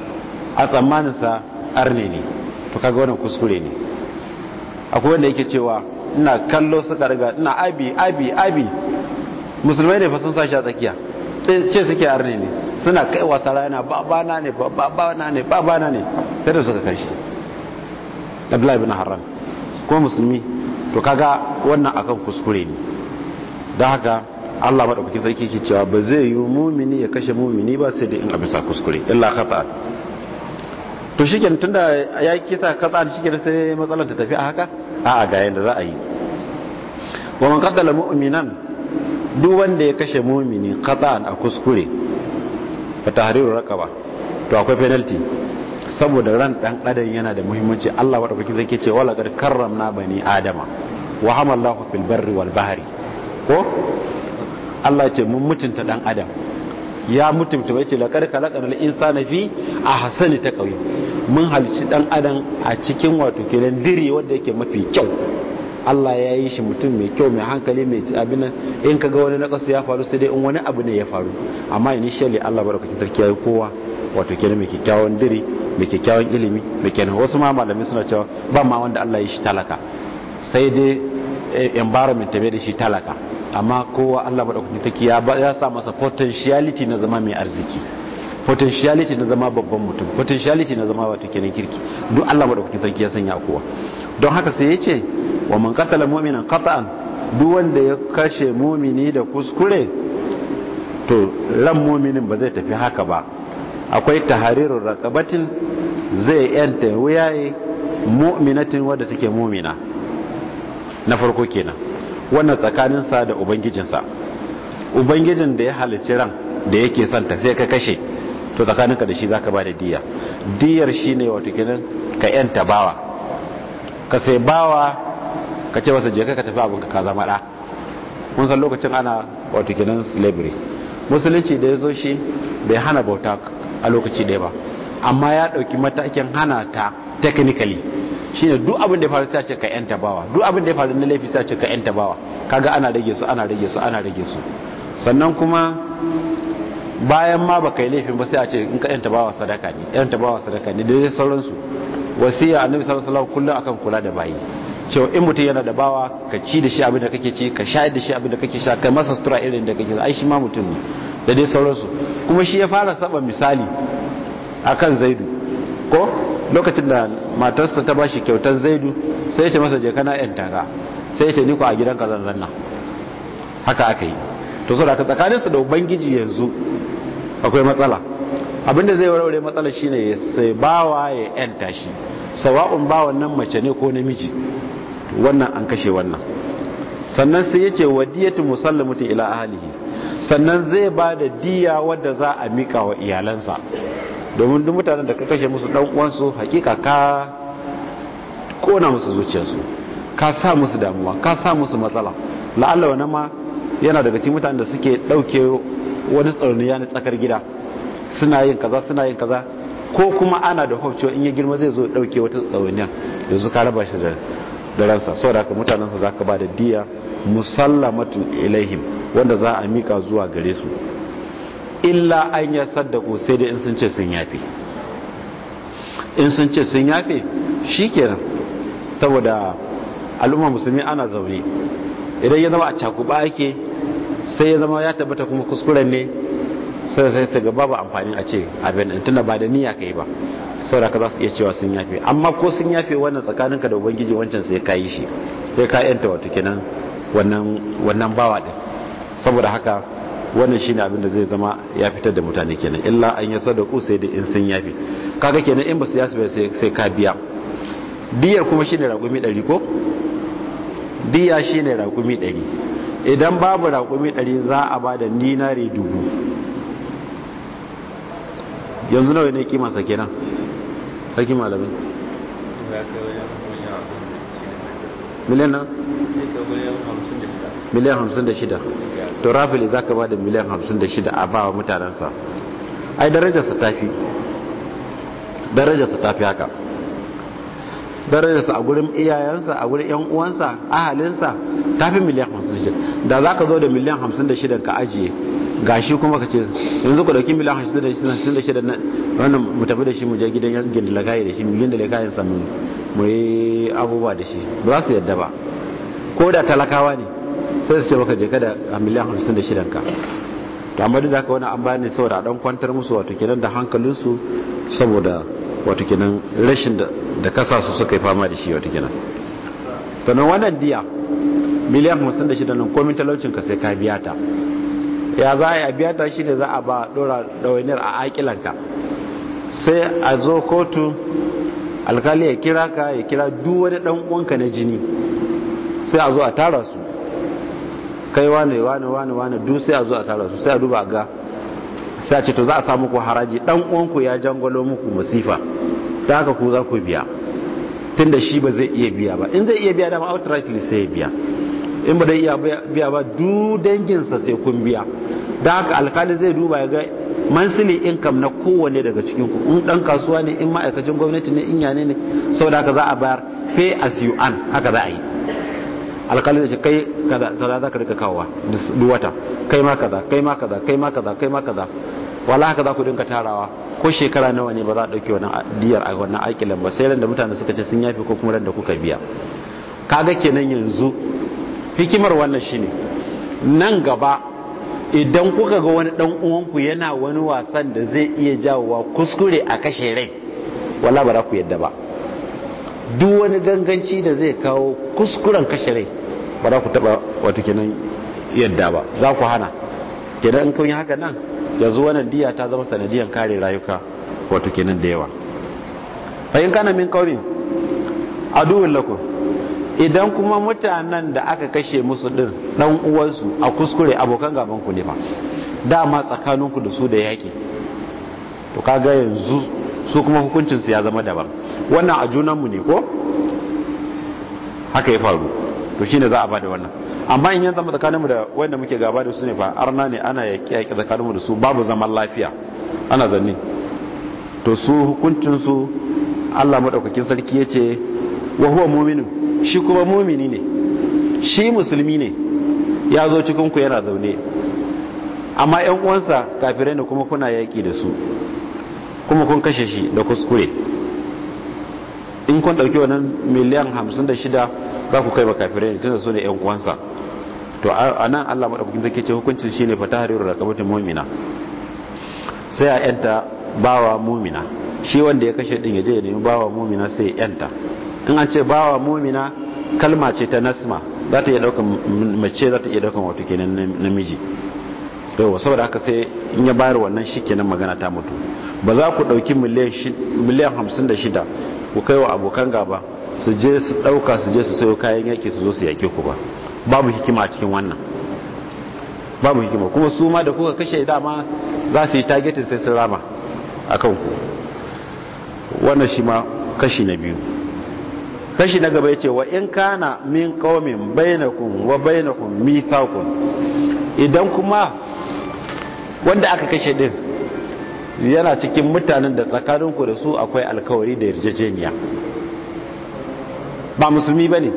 a tsammanin sa arne ne to kaga wannan kuskure ne akwai wanda yake cewa ina kallo su karga ina abi abi abi musulmai ne fa sun sashi a tsakiya ce suke arne ne suna kai wasa rana babana ne babana ne babana ne sai da suka karshe abdullahi bin haram ko musulmi to kaga wannan akan kuskure ne don haka Allah madaukakin sarki ke cewa ba zai yi mumini ya kashe mumini ba sai da in abin sa kuskure illa khata to shikenan tunda ya kisa khata shikenan sai matsalar ta tafi a haka a ga yanda za a yi wa man qaddala mu'minan duk wanda ya kashe mumini qatan a kuskure fa tahriru raqaba to akwai penalty saboda ran dan adam yana da muhimmanci Allah wadda sarki zake ce wala kad karramna bani adama wa hamallahu fil barri wal bahri ko Allah ce mun mutunta dan adam ya mutunta bai ce laƙar kalaƙar insana fi a hasani ta ƙauye mun halci dan adam a cikin wato kenan diri wanda yake mafi kyau Allah ya yi shi mutum mai kyau mai hankali mai abin in ka ga wani nakasu ya faru sai dai in wani abu ne ya faru amma initially Allah barakatin sarki yayi kowa wato kenan mai kyakkyawan diri mai kyakkyawan ilimi mai kenan wasu ma malamai suna cewa ba ma wanda Allah ya shi talaka sai dai eh, environment ta mai da shi talaka amma kowa Allah madaukakin take ya ya sa masa potentiality na zama mai arziki potentiality na zama babban mutum potentiality na zama wato kenan kirki duk Allah madaukakin sarki ya sanya kowa don haka sai yace wa man qatala mu'minan qata'an duk wanda ya kashe mumini da kuskure to ran muminin ba zai tafi haka ba akwai tahrirur raqabatin zai yanta wuyaye mu'minatin wadda take mumina na farko kenan wannan tsakaninsa da ubangijinsa ubangijin da ya halicci ran da yake santa sai ka kashe to tsakaninka da shi zaka ba da diya diyar shine wato kenan ka yanta bawa ka sai bawa ka ce masa je ka tafi abun ka zama da mun san lokacin ana wato kenan slavery musulunci da ya zo shi bai hana bauta a lokaci ɗaya ba amma ya ɗauki matakin hana ta technically ne duk abin da ya faru sai ce ka yanta bawa duk abin da ya faru na laifi sai ce ka yanta bawa kaga ana rage su ana rage su ana rage su sannan kuma bayan ma baka yi laifin ba sai a ce in ka yanta bawa sadaka ne yanta bawa sadaka ne da sauransu wasiya annabi sallallahu alaihi wasallam kullum akan kula da bayi cewa in mutum yana da bawa ka ci da shi abin da kake ci ka sha da shi abin da kake sha kai masa sutura irin da kake ai shi ma mutum ne da dai sauransu kuma shi ya fara saba misali akan zaidu ko lokacin da matarsa ta bashi kyautar zaidu sai ya ce masa je kana yan taka sai ya ce ni ku a gidan zan zanna haka aka yi to saboda ka su da ubangiji yanzu akwai matsala abinda zai warware matsalar shine ya sai bawa ya yan tashi sawa'un ba nan mace ne ko namiji wannan an kashe wannan sannan sai yace wadiyatu musallamatu ila ahlihi sannan zai ba da diya wadda za a mika wa iyalansa domin duk mutanen da ka kashe musu dan uwansu hakika ka kona musu zuciyarsu ka sa musu damuwa ka sa musu matsala la'alla wannan ma yana daga cikin mutanen da suke dauke wani tsaroni na tsakar gida suna yin kaza suna yin kaza ko kuma ana da hope cewa in ya girma zai zo ɗauke dauke wata tsauniya yanzu ka raba shi da da ransa saboda haka mutanensa zaka ba da diya musallamatu ilaihim wanda za a mika zuwa gare su illa an ya saddaku sai dai in sun ce sun yafe in sun ce sun yafe shi kenan saboda al'ummar musulmi ana zaune idan ya zama a cakuba ake sai ya zama ya tabbata kuma kuskuren ne sai sai sai ga babu amfani a ce abin in tunda ba da niyya kai ba da ka za su iya cewa sun yafe amma ko sun yafe wannan tsakaninka da ubangiji wancan sai ka yi shi sai ka yanta wata kenan wannan wannan bawa ɗin saboda haka wannan shine abin da zai zama ya fitar da mutane kenan illa an ya sadaku sai da in sun yafi kaga kenan in ba su yafi sai ka biya diyar kuma shine raƙumi 100 ko biya shine raƙumi 100 idan babu raƙumi 100 za a ba da dinari dubu yanzu nawa ne kima sa kenan sarki malami miliyan nan miliyan hamsin da shida to rafili za ka ba da miliyan hamsin da shida a bawa mutanensa ai darajarsa ta fi darajarsa ta fi haka darajarsa a gurin iyayensa a gurin yan uwansa ahalinsa ta fi miliyan hamsin da shida da za ka zo da miliyan hamsin da shida ka ajiye gashi kuma ka ce yanzu ku dauki miliyan hamsin da shida wannan mu tafi da shi mu je gidan yan da lakayi da shi mu yin da lakayin mu yi abubuwa da shi ba za su yadda ba ko da talakawa ne sai su ce maka je kada a miliyan hamsin da shidan ka to amma duk da haka wani an bayani saboda a dan kwantar musu wato kenan da hankalinsu saboda wato kenan rashin da kasa su suka yi fama da shi wato kenan sannan wannan diya miliyan hamsin da shida nan komin talaucin ka sai ka biya ta ya za a biya ta shi ne za a ba dora ɗawainiyar a ka sai a zo kotu alkali ya kira ka ya kira duk wani ɗan uwanka na jini sai a zo a tara su kai wane wane wane wane duk sai a zo a tara su sai a duba ga sai a ce to za a samu muku haraji dan uwanku ya jangalo muku musifa da haka ku za ku biya tunda shi ba zai iya biya ba in zai iya biya dama outrightly sai ya biya in ba zai iya biya ba du danginsa sai kun biya da haka alkali zai duba ya ga mansili income na kowane daga cikin ku in dan kasuwa ne in ma'aikacin gwamnati ne in yane ne saboda haka za a bayar pay as you earn haka za a yi alƙalin da shi kai kaza za ka rika kawowa duk kai ma kaza kai ma kaza kai ma kaza kai ma kaza wala haka za ku dinka tarawa ko shekara nawa ne ba za a ɗauki wannan diyar a wannan aikilan ba sai ran da mutane suka ce sun yafi ko kuma ran kuka biya kaga kenan yanzu hikimar wannan shine nan gaba idan kuka ga wani dan uwanku yana wani wasan da zai iya jawowa kuskure a kashe rai wala ba za ku yadda ba duk wani ganganci da zai kawo kuskuren kashe rai ba za ku taba wata kenan yadda ba za ku hana kenan in kun yi haka nan yanzu wannan diya ta zama sanadiyan kare rayuka wata kenan da yawa fa in kana min qawmin aduwwul lakum idan kuma mutanen da aka kashe musu din dan uwansu a kuskure abokan gaban ku ne fa dama tsakaninku da su da yaki to kaga yanzu su kuma hukuncinsu ya zama daban wannan a mu ne ko haka ya faru to shine za a bada wannan amma in yan zama tsakaninmu da wanda muke gaba da su ne fa arna ne ana yaƙi yaƙi tsakaninmu da su babu zaman lafiya ana zanni to su hukuncin Allah madaukakin sarki yace wa huwa mu'minu shi kuma mu'mini ne shi musulmi ne ya zo cikin ku yana zaune amma ƴan uwansa kafirai ne kuma kuna yaƙi da su kuma kun kashe shi da kuskure in kun ɗauki wannan miliyan hamsin da shida za ku kai ba kafirai ne tunda su ne yan uwansa to a nan Allah madaukakin take ce hukuncin shine da raqabatin mu'mina sai a yanta bawa mu'mina shi wanda ya kashe din ya je ya nemi bawa mu'mina sai ya yanta in an ce bawa mu'mina kalma ce ta nasma za ta iya daukan mace za ta iya daukan wato kenan namiji to saboda haka sai in ya bayar wannan shikenan magana ta mutu ba za ku dauki miliyan 56 ku kai wa abokan gaba su je su ɗauka su je su sayo kayan yaki su zo su yake ku ba babu hikima a cikin wannan babu hikima kuma su ma da kuka kashe dama za su yi targetin sai su rama a kan ku wannan shi ma kashi na biyu kashi na gaba ya ce wa in kana min qaumin bainakum wa bainakum mithaqun idan kuma wanda aka kashe din yana cikin mutanen da tsakaninku da su akwai alkawari da yarjejeniya ba musulmi ba ne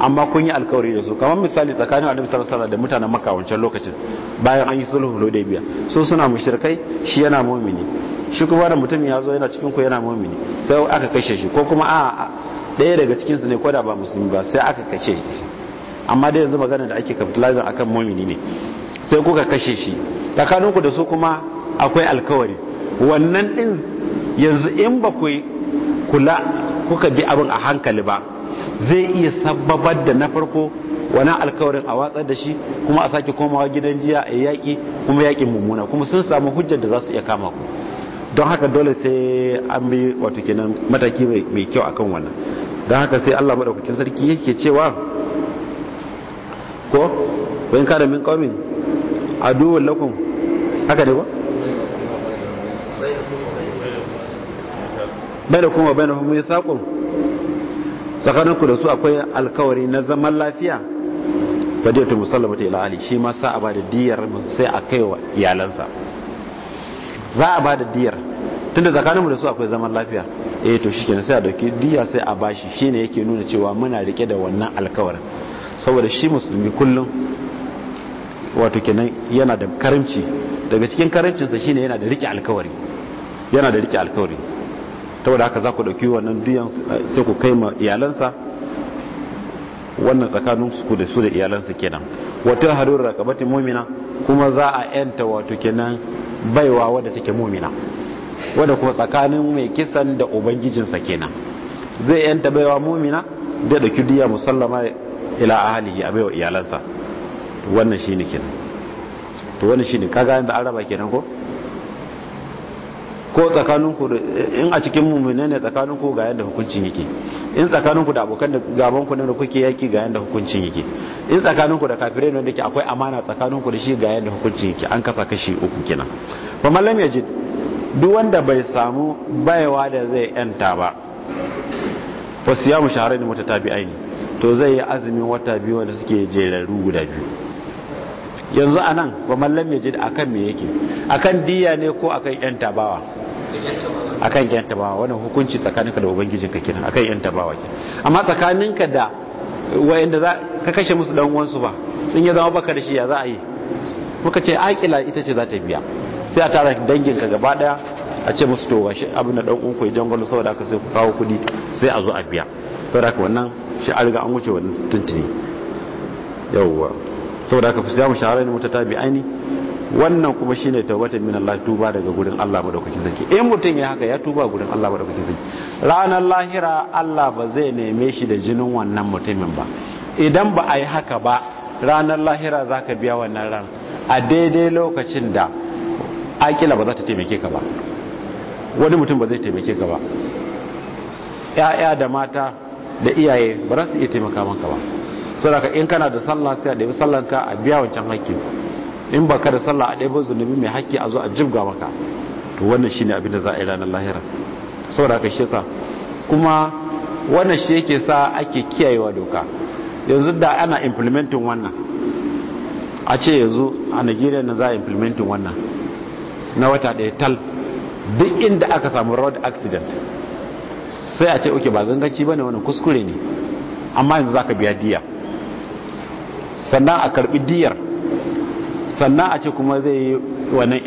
amma kun yi alkawari da su kamar misali tsakanin annabi sallallahu alaihi da mutanen makka lokacin bayan an yi sulhu hudaybiya so suna mushrikai shi yana mu'mini shi kuma da mutum ya zo yana cikin ku yana mu'mini sai aka kashe shi ko kuma a daya daga cikinsu su ne koda ba musulmi ba sai aka kashe shi amma da yanzu magana da ake capitalizing akan mu'mini ne sai kuka kashe shi tsakanin ku da su kuma akwai alkawari wannan din yanzu in ba ku kula kuka bi abin a hankali ba zai iya sababar da na farko wani alkawarin a watsar da shi kuma a sake komawa gidan jiya a yaƙi kuma yaƙin mummuna kuma sun samu hujjar da za su iya kama ku don haka dole sai an bi wato kenan mataki mai kyau akan wannan don haka sai allah maɗaukakin sarki yake cewa ko wani kada min ƙaumin duwun lakum haka ne ba bayan kuma baina hum mithaqun tsakaninku da su akwai alkawari na zaman lafiya fadiyatu musallamatu ila ali shi ma sa a ba da diyar sai a kai wa iyalansa za a ba da diyar tunda tsakaninmu da su akwai zaman lafiya eh to shi sai a dauki diya sai a bashi shine yake nuna cewa muna rike da wannan alkawarin saboda shi musulmi kullum wato kenan yana da karamci daga cikin karamcinsa shine yana da rike alkawari yana da rike alkawari wadda haka za ku ɗauki wannan duyan eh, sai ku kai ma iyalansa wannan tsakanin ku da su da iyalansa kenan wata harur rakabatin mumina kuma za a yanta wato kenan baiwa wadda take mumina wadda kuma tsakanin mai kisan da ubangijinsa kenan zai yanta baiwa mumina da ɗauki duya musallama ila ahalihi a baiwa iyalansa wannan shine kenan to wannan shine kaga yanda an raba kenan ko ko tsakaninku in a cikin mummune ne tsakaninku ga yadda hukuncin yake in tsakaninku da abokan da gabanku ne da kuke yaki ga yadda hukuncin yake in tsakaninku da kafirai ne da ke akwai amana tsakaninku da shi ga yadda hukuncin yake an kasa kashi uku kenan fa mallam yajid duk wanda bai samu bayawa da zai yanta ba fa siyamu shahrain mutatabi'ain to zai yi azumin wata biyu wanda suke jeraru guda biyu yanzu anan ba mallam ya ji akan me yake akan diya ne ko akan yanta bawa akan yan tabawa wannan hukunci tsakaninka da ka kenan akan yan tabawa ke amma tsakaninka da wayanda za ka kashe musu dan uwansu ba sun ya zama baka da shi ya za a yi muka ce akila ita ce za ta biya sai a tara ka gaba daya a ce musu to gashi abin da dan uwanku ya jangwalo saboda aka sai ku kawo kudi sai a zo a biya saboda haka wannan shi an riga an wuce wannan tuntuni yawwa saboda haka fi sai mu shahara ne mutatabi aini wannan kuma shine tawbatan min Allah tuba daga gurin Allah madaukakin sarki in mutum ya haka ya tuba gurin Allah madaukakin sarki ranar lahira Allah ba zai neme shi da jinin wannan mutumin ba idan ba a yi haka ba ranar lahira za ka biya wannan ran a daidai lokacin da akila ba za ta taimake ka ba wani mutum ba zai taimake ka ba ya'ya da mata da iyaye ba za su iya taimaka maka ba saboda in kana da sallah sai a ɗabi sallanka a biya wancan hakki in ka da sallah a ɗaya zunubi mai haƙƙi a zo a jibga maka to wannan shine abin da za a yi ranar lahira saboda haka shi sa, kuma wannan shi yake sa ake kiyayewa doka yanzu da ana implementin wannan a ce yanzu a nigeria na za a implementin wannan na wata ɗaya tal duk inda aka samu road accident sai a ce oke ba ganganci ba ne wani kuskure ne amma yanzu za ka biya diya sannan a karbi diyar sannan a ce kuma zai yi wannan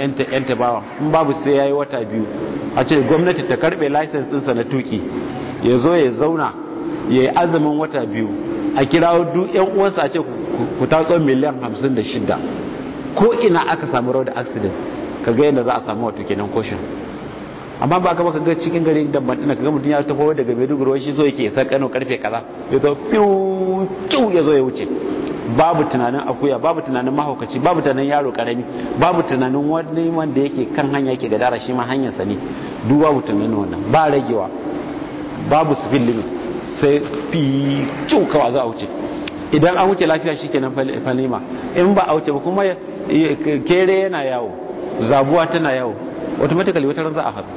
ba wa in babu sai ya yi wata biyu a ce gwamnati ta karbe license ɗinsa na tuki ya zo ya zauna ya yi azumin wata biyu a kirawo duk yan uwansa a ce ku tatso miliyan hamsin da shida ko ina aka samu road accident ka ga yadda za a samu wata kenan koshin amma ba ka baka ga cikin gari da madina kaga mutum ya tafi daga Maiduguri wai shi so yake isa Kano karfe kaza ya zo fiu ya zo ya wuce babu tunanin akuya babu tunanin mahaukaci babu tunanin yaro karami babu tunanin wani wanda yake kan hanya yake gadara shi ma hanyar sani. ne duk babu tunanin wannan ba ragewa babu speed limit sai fi kiu kawa za a wuce idan an wuce lafiya shikenan falima in ba a wuce ba kuma kere yana yawo zabuwa tana yawo automatically wata ran za a haɗu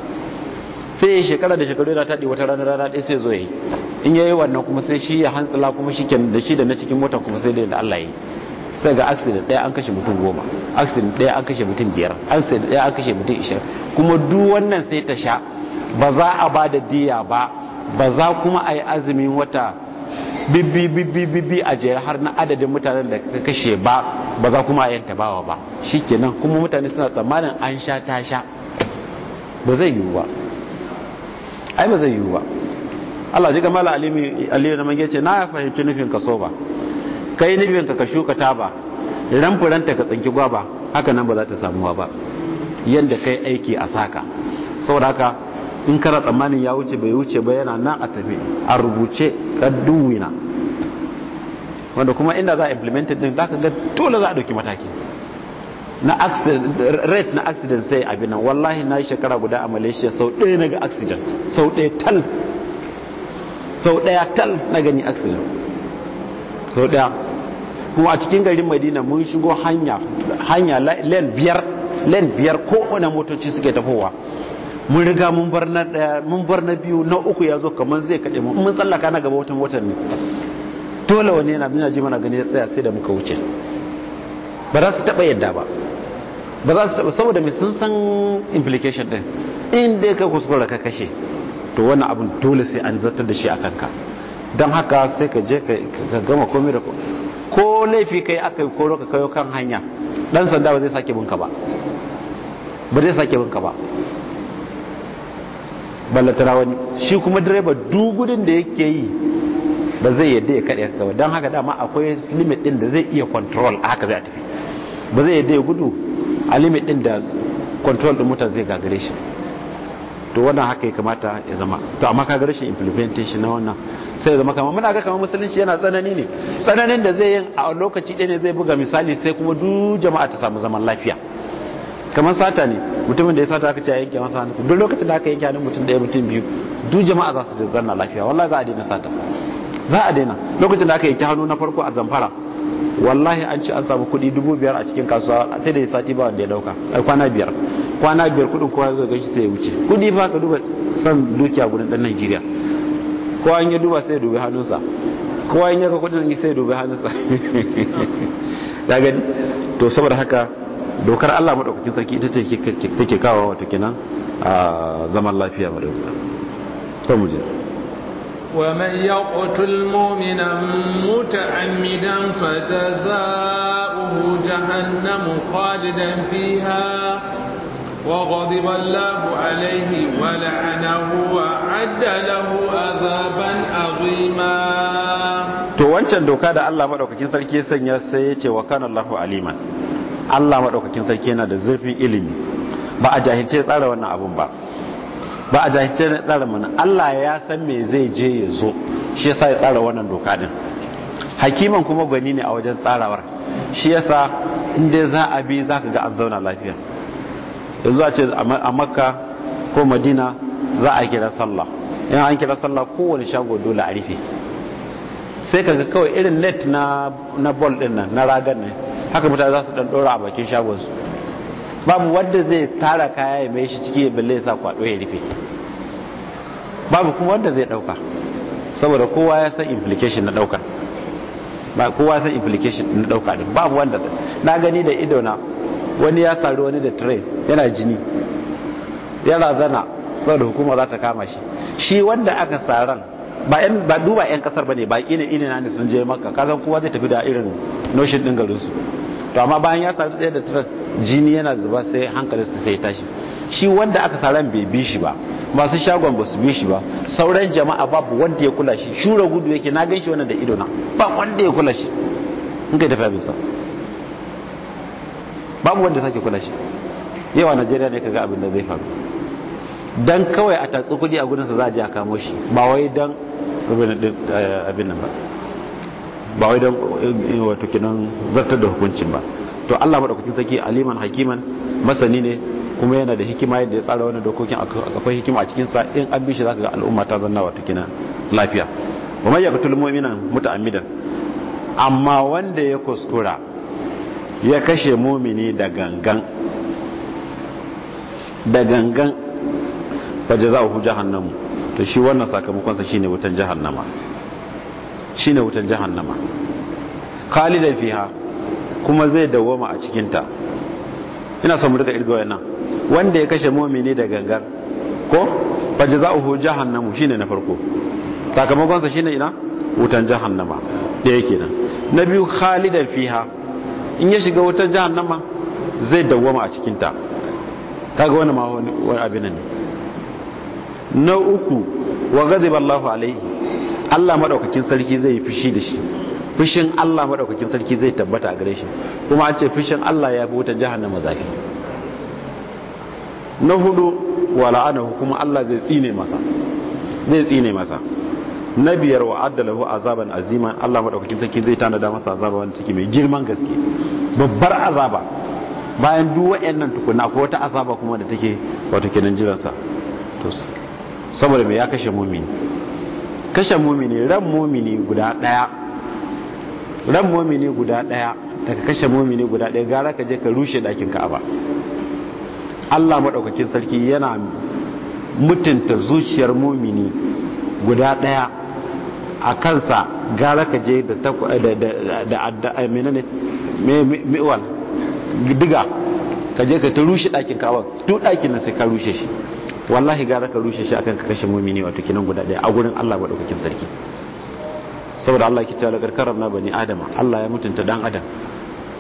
sai ya shekara da shekaru yana taɗi wata ranar rana ɗaya sai zo yi in yayi wannan kuma sai shi ya hantsila kuma shi da shi da na cikin mota kuma sai dai da Allah yi sai ga accident ɗaya an kashe mutum goma accident ɗaya an kashe mutum biyar accident ɗaya an kashe mutum ishirin kuma duk wannan sai ta sha ba za a ba da diya ba ba za kuma a yi azumin wata bibbi bibbi bibbi a jere har na adadin mutanen da ka kashe ba ba za kuma a yanta bawa ba shikenan kuma mutane suna tsammanin an sha ta sha ba zai yiwu ba ai ba zai yiwu ba Allah ji gamala alimi aliyu da mange ce na fahimci nufin ka so ba kai nufin ka ka shuka ta ba ran furanta ka tsinki gwaba haka nan ba za ta samu ba yanda kai aiki a saka saboda haka in kana tsammanin ya wuce bai wuce ba yana nan a tafi a rubuce kadduwina wanda kuma inda za a implemented din ka ga dole za a dauki mataki na rate na accident sai abin nan wallahi na yi shekara guda a malaysia sau ɗaya na ga accident sau ɗaya tal sau ɗaya tal na gani accident sau ɗaya kuma a cikin garin madina mun shigo hanya hanya len biyar len biyar ko wani motoci suke tafowa mun riga mun bar na ɗaya mun bar na biyu na uku ya zo kamar zai kaɗe mu mun tsallaka na gaba wata motar ne dole wani yana bina ji mana gani ya tsaya sai da muka wuce ba za su taɓa yadda ba ba za su taɓa saboda mai sun san implication ɗin in dai ka kuskura ka kashe to wani abin dole sai an zartar da shi a kanka don haka sai ka je ka gama komi da ko laifi kai aka yi koro ka kayo kan hanya dan sanda ba zai sake binka ba ba zai sake binka ba ballatara wani shi kuma direba dugudin da yake yi ba zai yadda ya kaɗe ka ba don haka dama akwai limit ɗin da zai iya control a haka zai tafi ba zai yadda ya gudu a limit din da control din mota zai gagare shi to wannan haka ya kamata ya zama to amma ka gare shi implementation na wannan sai ya zama kamar muna ga kamar musulunci yana tsanani ne tsananin da zai yin a lokaci ɗaya ne zai buga misali sai kuma duk jama'a ta samu zaman lafiya kamar sata ne mutumin da ya sata aka ce a yanke masa hannu duk lokacin da aka yanke hannun mutum ɗaya mutum biyu duk jama'a za su zanna lafiya wallahi za a daina sata za a daina lokacin da aka yanke hannu na farko a zamfara wallahi an ci an samu kuɗi dubu biyar a cikin kasuwa sai da sati ba wanda ya dauka ai kwana biyar kwana biyar kuɗin kowa zai gashi sai ya wuce kuɗi ba ka duba san dukiya gudun ɗan Najeriya kowa in ya duba sai ya dubi hannunsa kowa in ya ga kuɗin sai ya dubi hannunsa ya *laughs* gani to saboda haka dokar Allah madaukakin sarki ita ce take kawo wato kenan a ah, zaman lafiya madaukakin ta muje ومن يقتل مؤمنا متعمدا فجزاؤه جهنم خالدا فيها وغضب الله عليه ولعنه وأعد له عذابا عظيما to wancan doka da Allah madaukakin sarki ya sanya sai yace, ce wa kana Allahu aliman Allah madaukakin sarki yana da zurfin ilimi ba a jahilce tsara wannan abun ba ba a jahilce na tsara mana Allah ya san me zai je ya zo shi yasa ya tsara wannan doka din hakiman kuma gwani ne a wajen tsarawar shi yasa sa inda za a bi zaka ga an zauna lafiya yanzu a ce a makka ko madina za a kira sallah yan an kira sallah kowane shago dole a rufe sai kaga kawai irin net na bol din nan na ragar ne haka mutane za su dan a bakin shagon su babu wanda zai tara kaya ya mai shi ciki balle ya sa kwado ya rufe babu kuma wanda zai dauka saboda kowa ya san implication na dauka ba kowa san implication na dauka din babu wanda na gani da ido na wani ya saru wani da train yana jini ya razana saboda hukuma za ta kama shi shi wanda aka saran ba yan ba duba yan kasar bane ba ina ina ne sun je maka kasan kowa zai tafi da irin notion din garin su to amma bayan ya sari da train jini yana zuba sai hankalinsa sai tashi shi wanda aka saran bai bi shi ba masu shagon ba su bi shi ba sauran jama'a babu wanda ya kula shi shura gudu yake na gaishe wannan da ido na ba wanda ya kula shi in kai tafi tafiya sa babu wanda sake kula shi yawa najeriya ne kaga abin da zai faru dan kawai a tatsi kudi a gudunsa za a ji a kamo shi ba wai dan abin eh, nan ba ba wai don eh, wato kinan zartar da hukuncin ba to Allah madaukakin sarki aliman hakiman masani ne kuma yana da hikima yadda ya tsara wannan dokokin akwai hikima a cikin sa in an bishi zaka ga al'umma ta zanna wa tukina lafiya wa man yaqtul mu'mina muta'ammidan amma wanda ya kuskura ya kashe mumini da gangan da gangan fa jazaohu jahannamu to shi wannan sakamakon sa shine wutan jahannama shine wutan jahannama khalidan fiha kuma zai dawoma a cikinta ina son mu rika irga wayannan wanda ya kashe mumini da gangar ko fa jazaohu jahannamu shine na farko sakamakon sa shine ina wutan jahannama da yake nan na biyu khalidan fiha in ya shiga wutan jahannama zai dawoma a cikinta kaga wani ma wani abin ne na uku wa ghadiba Allahu alaihi Allah madaukakin sarki zai yi fushi da shi fushin Allah madaukakin sarki zai tabbata a gare shi kuma an ce fushin Allah ya fi wutar jahannama zafi na hudu wa la'anahu kuma Allah zai tsine masa zai tsine masa na biyar wa addalahu azaban azima Allah madaukakin sarki zai tanada masa azaba wanda take mai girman gaske babbar azaba bayan duk wayannan tukuna ko wata azaba kuma da take wato kenan jiransa to saboda me ya kashe mumini kashe mumini ran mumini guda daya ran momini guda daya daga kashe momini guda daya gara ka je ka rushe dakin ka'aba Allah madaukakin sarki yana mutunta zuciyar momini guda daya a kansa gara ka je da da eh, menene wal diga ka je ka ta rushe dakin ka'aba to dakin nan sai ka rushe shi wallahi gara ka rushe shi akan ka kashe momini wato kinan guda daya a gurin Allah madaukakin sarki saboda Allah ke cewa lagar karam na bani adama Allah ya mutunta dan adam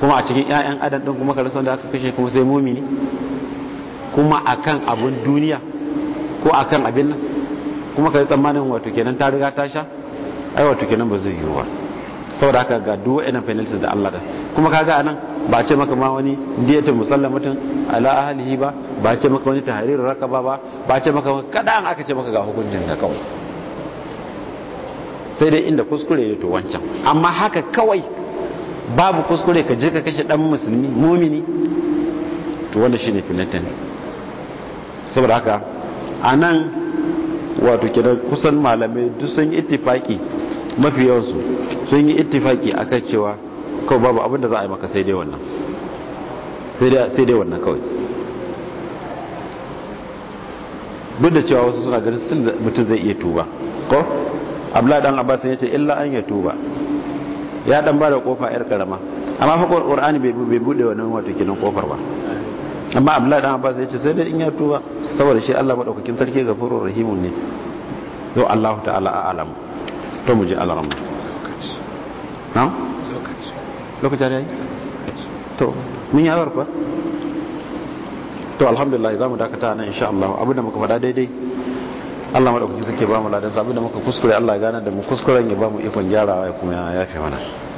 kuma a cikin ƴaƴan adam din kuma karsan da aka kashe kuma sai mumini kuma akan abun duniya ko akan abin nan kuma kai tsammanin wato kenan ta riga ta sha ai wato kenan ba zai yiwu ba saboda haka ga duk wa'annan penalties da Allah da kuma kaga anan ba a ce maka ma wani diyatul musallamatin ala ahlihi ba ba a ce maka wani tahrir raqaba ba ba a ce maka kadan aka ce maka ga hukuncin da kawai sai dai inda kuskure ne to wancan amma haka kawai babu kuskure ka je ka kashe dan musulmi mumini to wanda shine filantin saboda haka anan wato kidan kusan malamai duk sun yi ittifaki mafi yawansu sun yi ittifaki akan cewa kawai babu abinda za a yi maka sai dai wannan sai dai wannan kawai duk da cewa wasu suna ganin mutum zai iya tuba ko abdullahi dan abbas ya ce illa an ya tuba ya dan bada kofa yar karama amma fa qur'ani bai bai bude wannan wato kinan kofar ba amma abdullahi dan abbas ya ce sai dai in ya tuba saboda shi Allah madaukakin sarki gafurur rahimun ne to Allah ta'ala a a'lam to mu ji alaram na lokaci lokaci ne to mun ya warfa to alhamdulillah za mu dakata nan insha Allah abinda muka faɗa daidai Allah madaukakin suke ba mu ladan sabbi da muka kuskure Allah gane da mu kuskuren ya ba mu ikon gyarawa ya kuma ya yafe mana